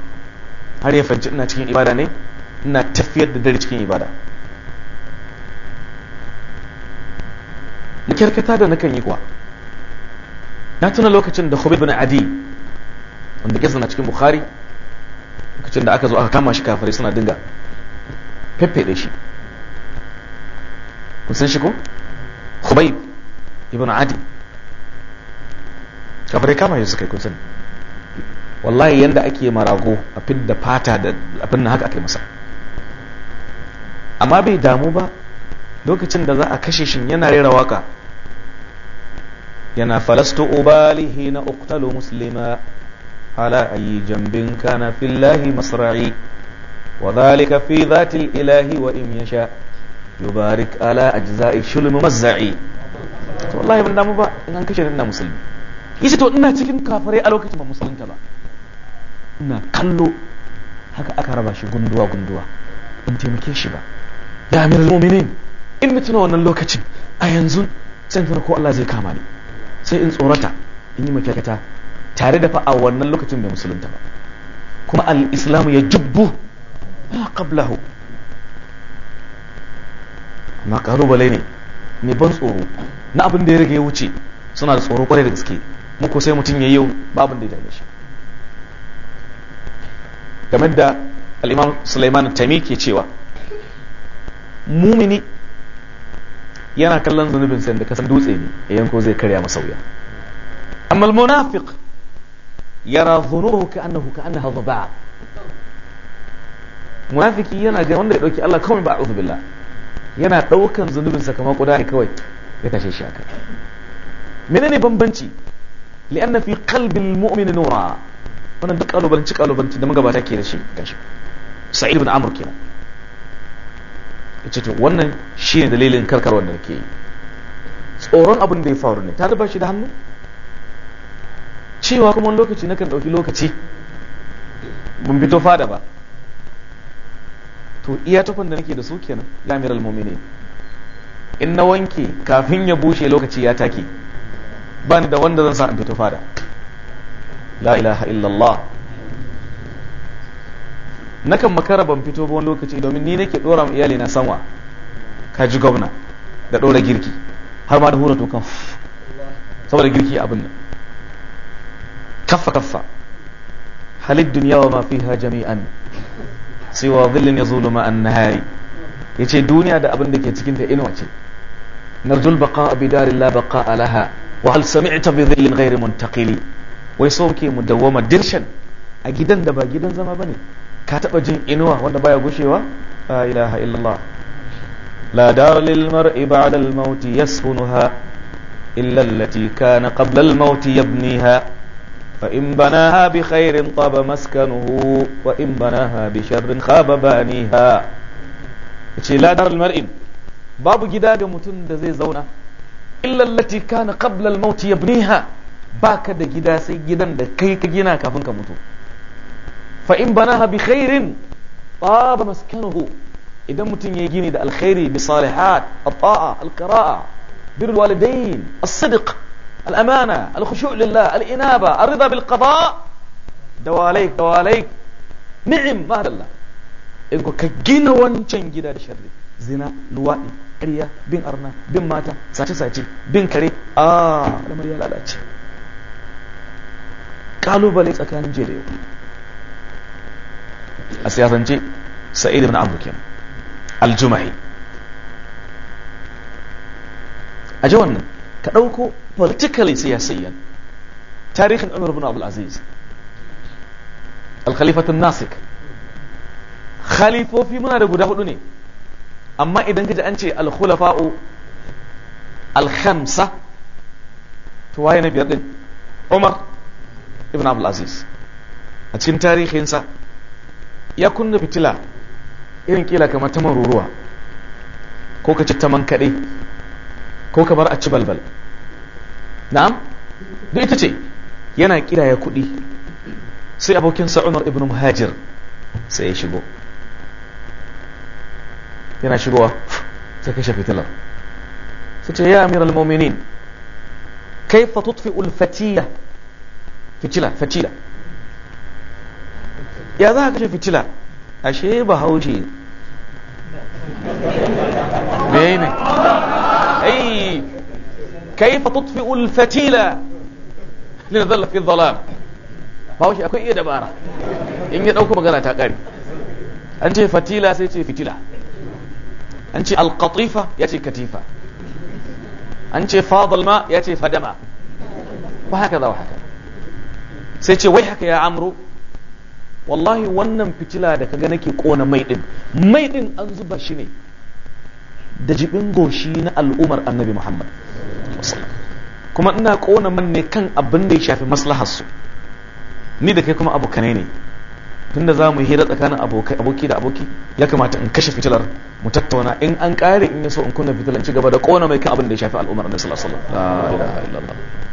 har ya fahimci ina cikin ibada ne ina tafiyar da dare cikin ibada na kyarkata da nakan yi kuwa na tuna lokacin da Khubayb bin Adi wanda gizo na cikin Bukhari lokacin da aka zo aka kama shi kafare suna dinga da shi kun san shi ko Khubayb ibn Adi kafare kama shi suka yi kun sani wallahi yanda ake marago a fidda fata da abin nan haka aka yi masa amma bai damu ba lokacin da za a kashe shin yana rera waka yana falastu ubalihi na uktalu muslima ala ayi jambin kana fillahi masra'i wa dhalika fi dhatil ilahi wa in yasha yubarik ala ajza'i shulm mazza'i to wallahi ban damu ba in an kashe ni ina musulmi yace to ina cikin kafirai a lokacin ba musulunta ba na kallo haka aka raba shi gunduwa gunduwa ban taimake shi ba ya amir mu'minin in mutuna wannan lokacin a yanzu sai tuna ko Allah zai kama ni sai in tsorata in yi mafiyakata tare da fa'a wannan lokacin bai musulunta ba kuma al-islamu ya jubbu ma qablahu amma balai ne ne ban tsoro na abin da ya rage ya wuce suna da tsoro kwarai da gaske muku sai mutum ya yi babu da ya dame shi game da al'imam Sulaiman Taimi ke cewa mumini yana kallon zunubin sa da kasan dutse ne yayin ko zai karya masa wuya amma al-munafiq yara dhunubu ka ka'annaha dhaba munafiki yana ga wanda ya dauki Allah kawai ba a'udhu billah yana daukan zunubin sa kamar kuda ne kawai ya tashe shi haka menene bambanci li'anna fi qalbi al-mu'min nura wannan duk kalubalanci kalubalanci da magabata ke da shi kanshi sa'id bin amr kenan yace to wannan shine dalilin karkarwar da nake yi tsoron abin da ya faru ne ta ba shi da hannu cewa kuma wani lokaci kan dauki lokaci mun fito fada ba to iya tukun da nake da su kenan ya amiral mu'minin in na wanke kafin ya bushe lokaci ya take ba da wanda zan sa in fito fada la ilaha illallah nakan makara ban fito ba wani lokaci domin ni nake dora ma iyali na sanwa ka ji gwamna da dora girki har ma da hura tokan saboda girki abin nan kaffa kaffa halid duniya wa ma fiha jami'an siwa dhillin yazulu ma an nahari yace duniya da abin da ke cikin ta inuwa ce narjul baqa bi darillah baqa alaha wa hal sami'ta bi dhillin ghairi muntaqili wai so ke mu dawwama dirshan a gidan da ba gidan zama bane ka taba jin inuwa wanda baya gushewa la ilaha illallah la dar lil mar'i ba'da al maut yasfunuha illa allati kana qabla al maut yabniha fa in banaha bi khairin taba maskanuhu wa in banaha bi sharrin khaba baniha ce la dar al mar'in babu gida ga mutum da zai zauna illa allati kana qabla al maut yabniha baka da gida sai gidan da kai ka gina kafin ka mutu fa in banaha bi khairin taba maskanuhu idan mutun ya gini da alkhairi bi salihat ataa alqiraa bir walidain as-sidq al-amana al-khushu' lillah al-inaba ar-ridha bil qadaa dawalik dawalik ni'am ma hada Allah in ko ka gina wancan gida da sharri zina luwadi ƙarya bin arna bin mata sace sace bin kare ah da mariya lalace kalubale tsakanin jiya da yau a siyasance sa'id ibn amr kenan a ji wannan ka ɗauko politically siyasayyan tarihin umar ibn abdul Alkhalifatun nasik khalifofi muna da guda hudu ne amma idan kaji an ce al-khulafa'u tuwaye na biyar din umar ibn abdul aziz a cikin tarihinsa ya kunna fitila irin kila kamar ta maruruwa ko ka ci ta man kaɗai ko bar a ci balbal na'am duk ita ce yana kiraya kuɗi sai abokinsa umar ibn muhajir sai ya shigo yana shigowa sai kashe fitilar Su ce ya amiral mominin kaifa tutfi ulfatiya fitila fitila ya za ka ce fitila ashe ba haushe ne ai kaifa tutfi'u al-fatila lin dhalla fi dhalam ba haushe akwai iya dabara in ya dauko magana ta kare an ce fatila sai ce fitila an ce alqatifa ya ce katifa an ce fadal ma ya ce fadama وهكذا وهكذا sai ce wai haka ya amuru wallahi wannan fitila da kaga nake kona mai din mai din an zuba shi ne da jibin goshi na al'umar annabi muhammad kuma ina kona man ne kan abin da ya shafi maslahar su ni da kai kuma abokanai ne tun da za mu hira tsakanin aboki da aboki ya kamata in kashe fitilar mu tattauna in an kare in ya so in kunna fitilar ci gaba da kona mai kan abin da ya shafi al'umar annabi sallallahu alaihi wasallam la ilaha illallah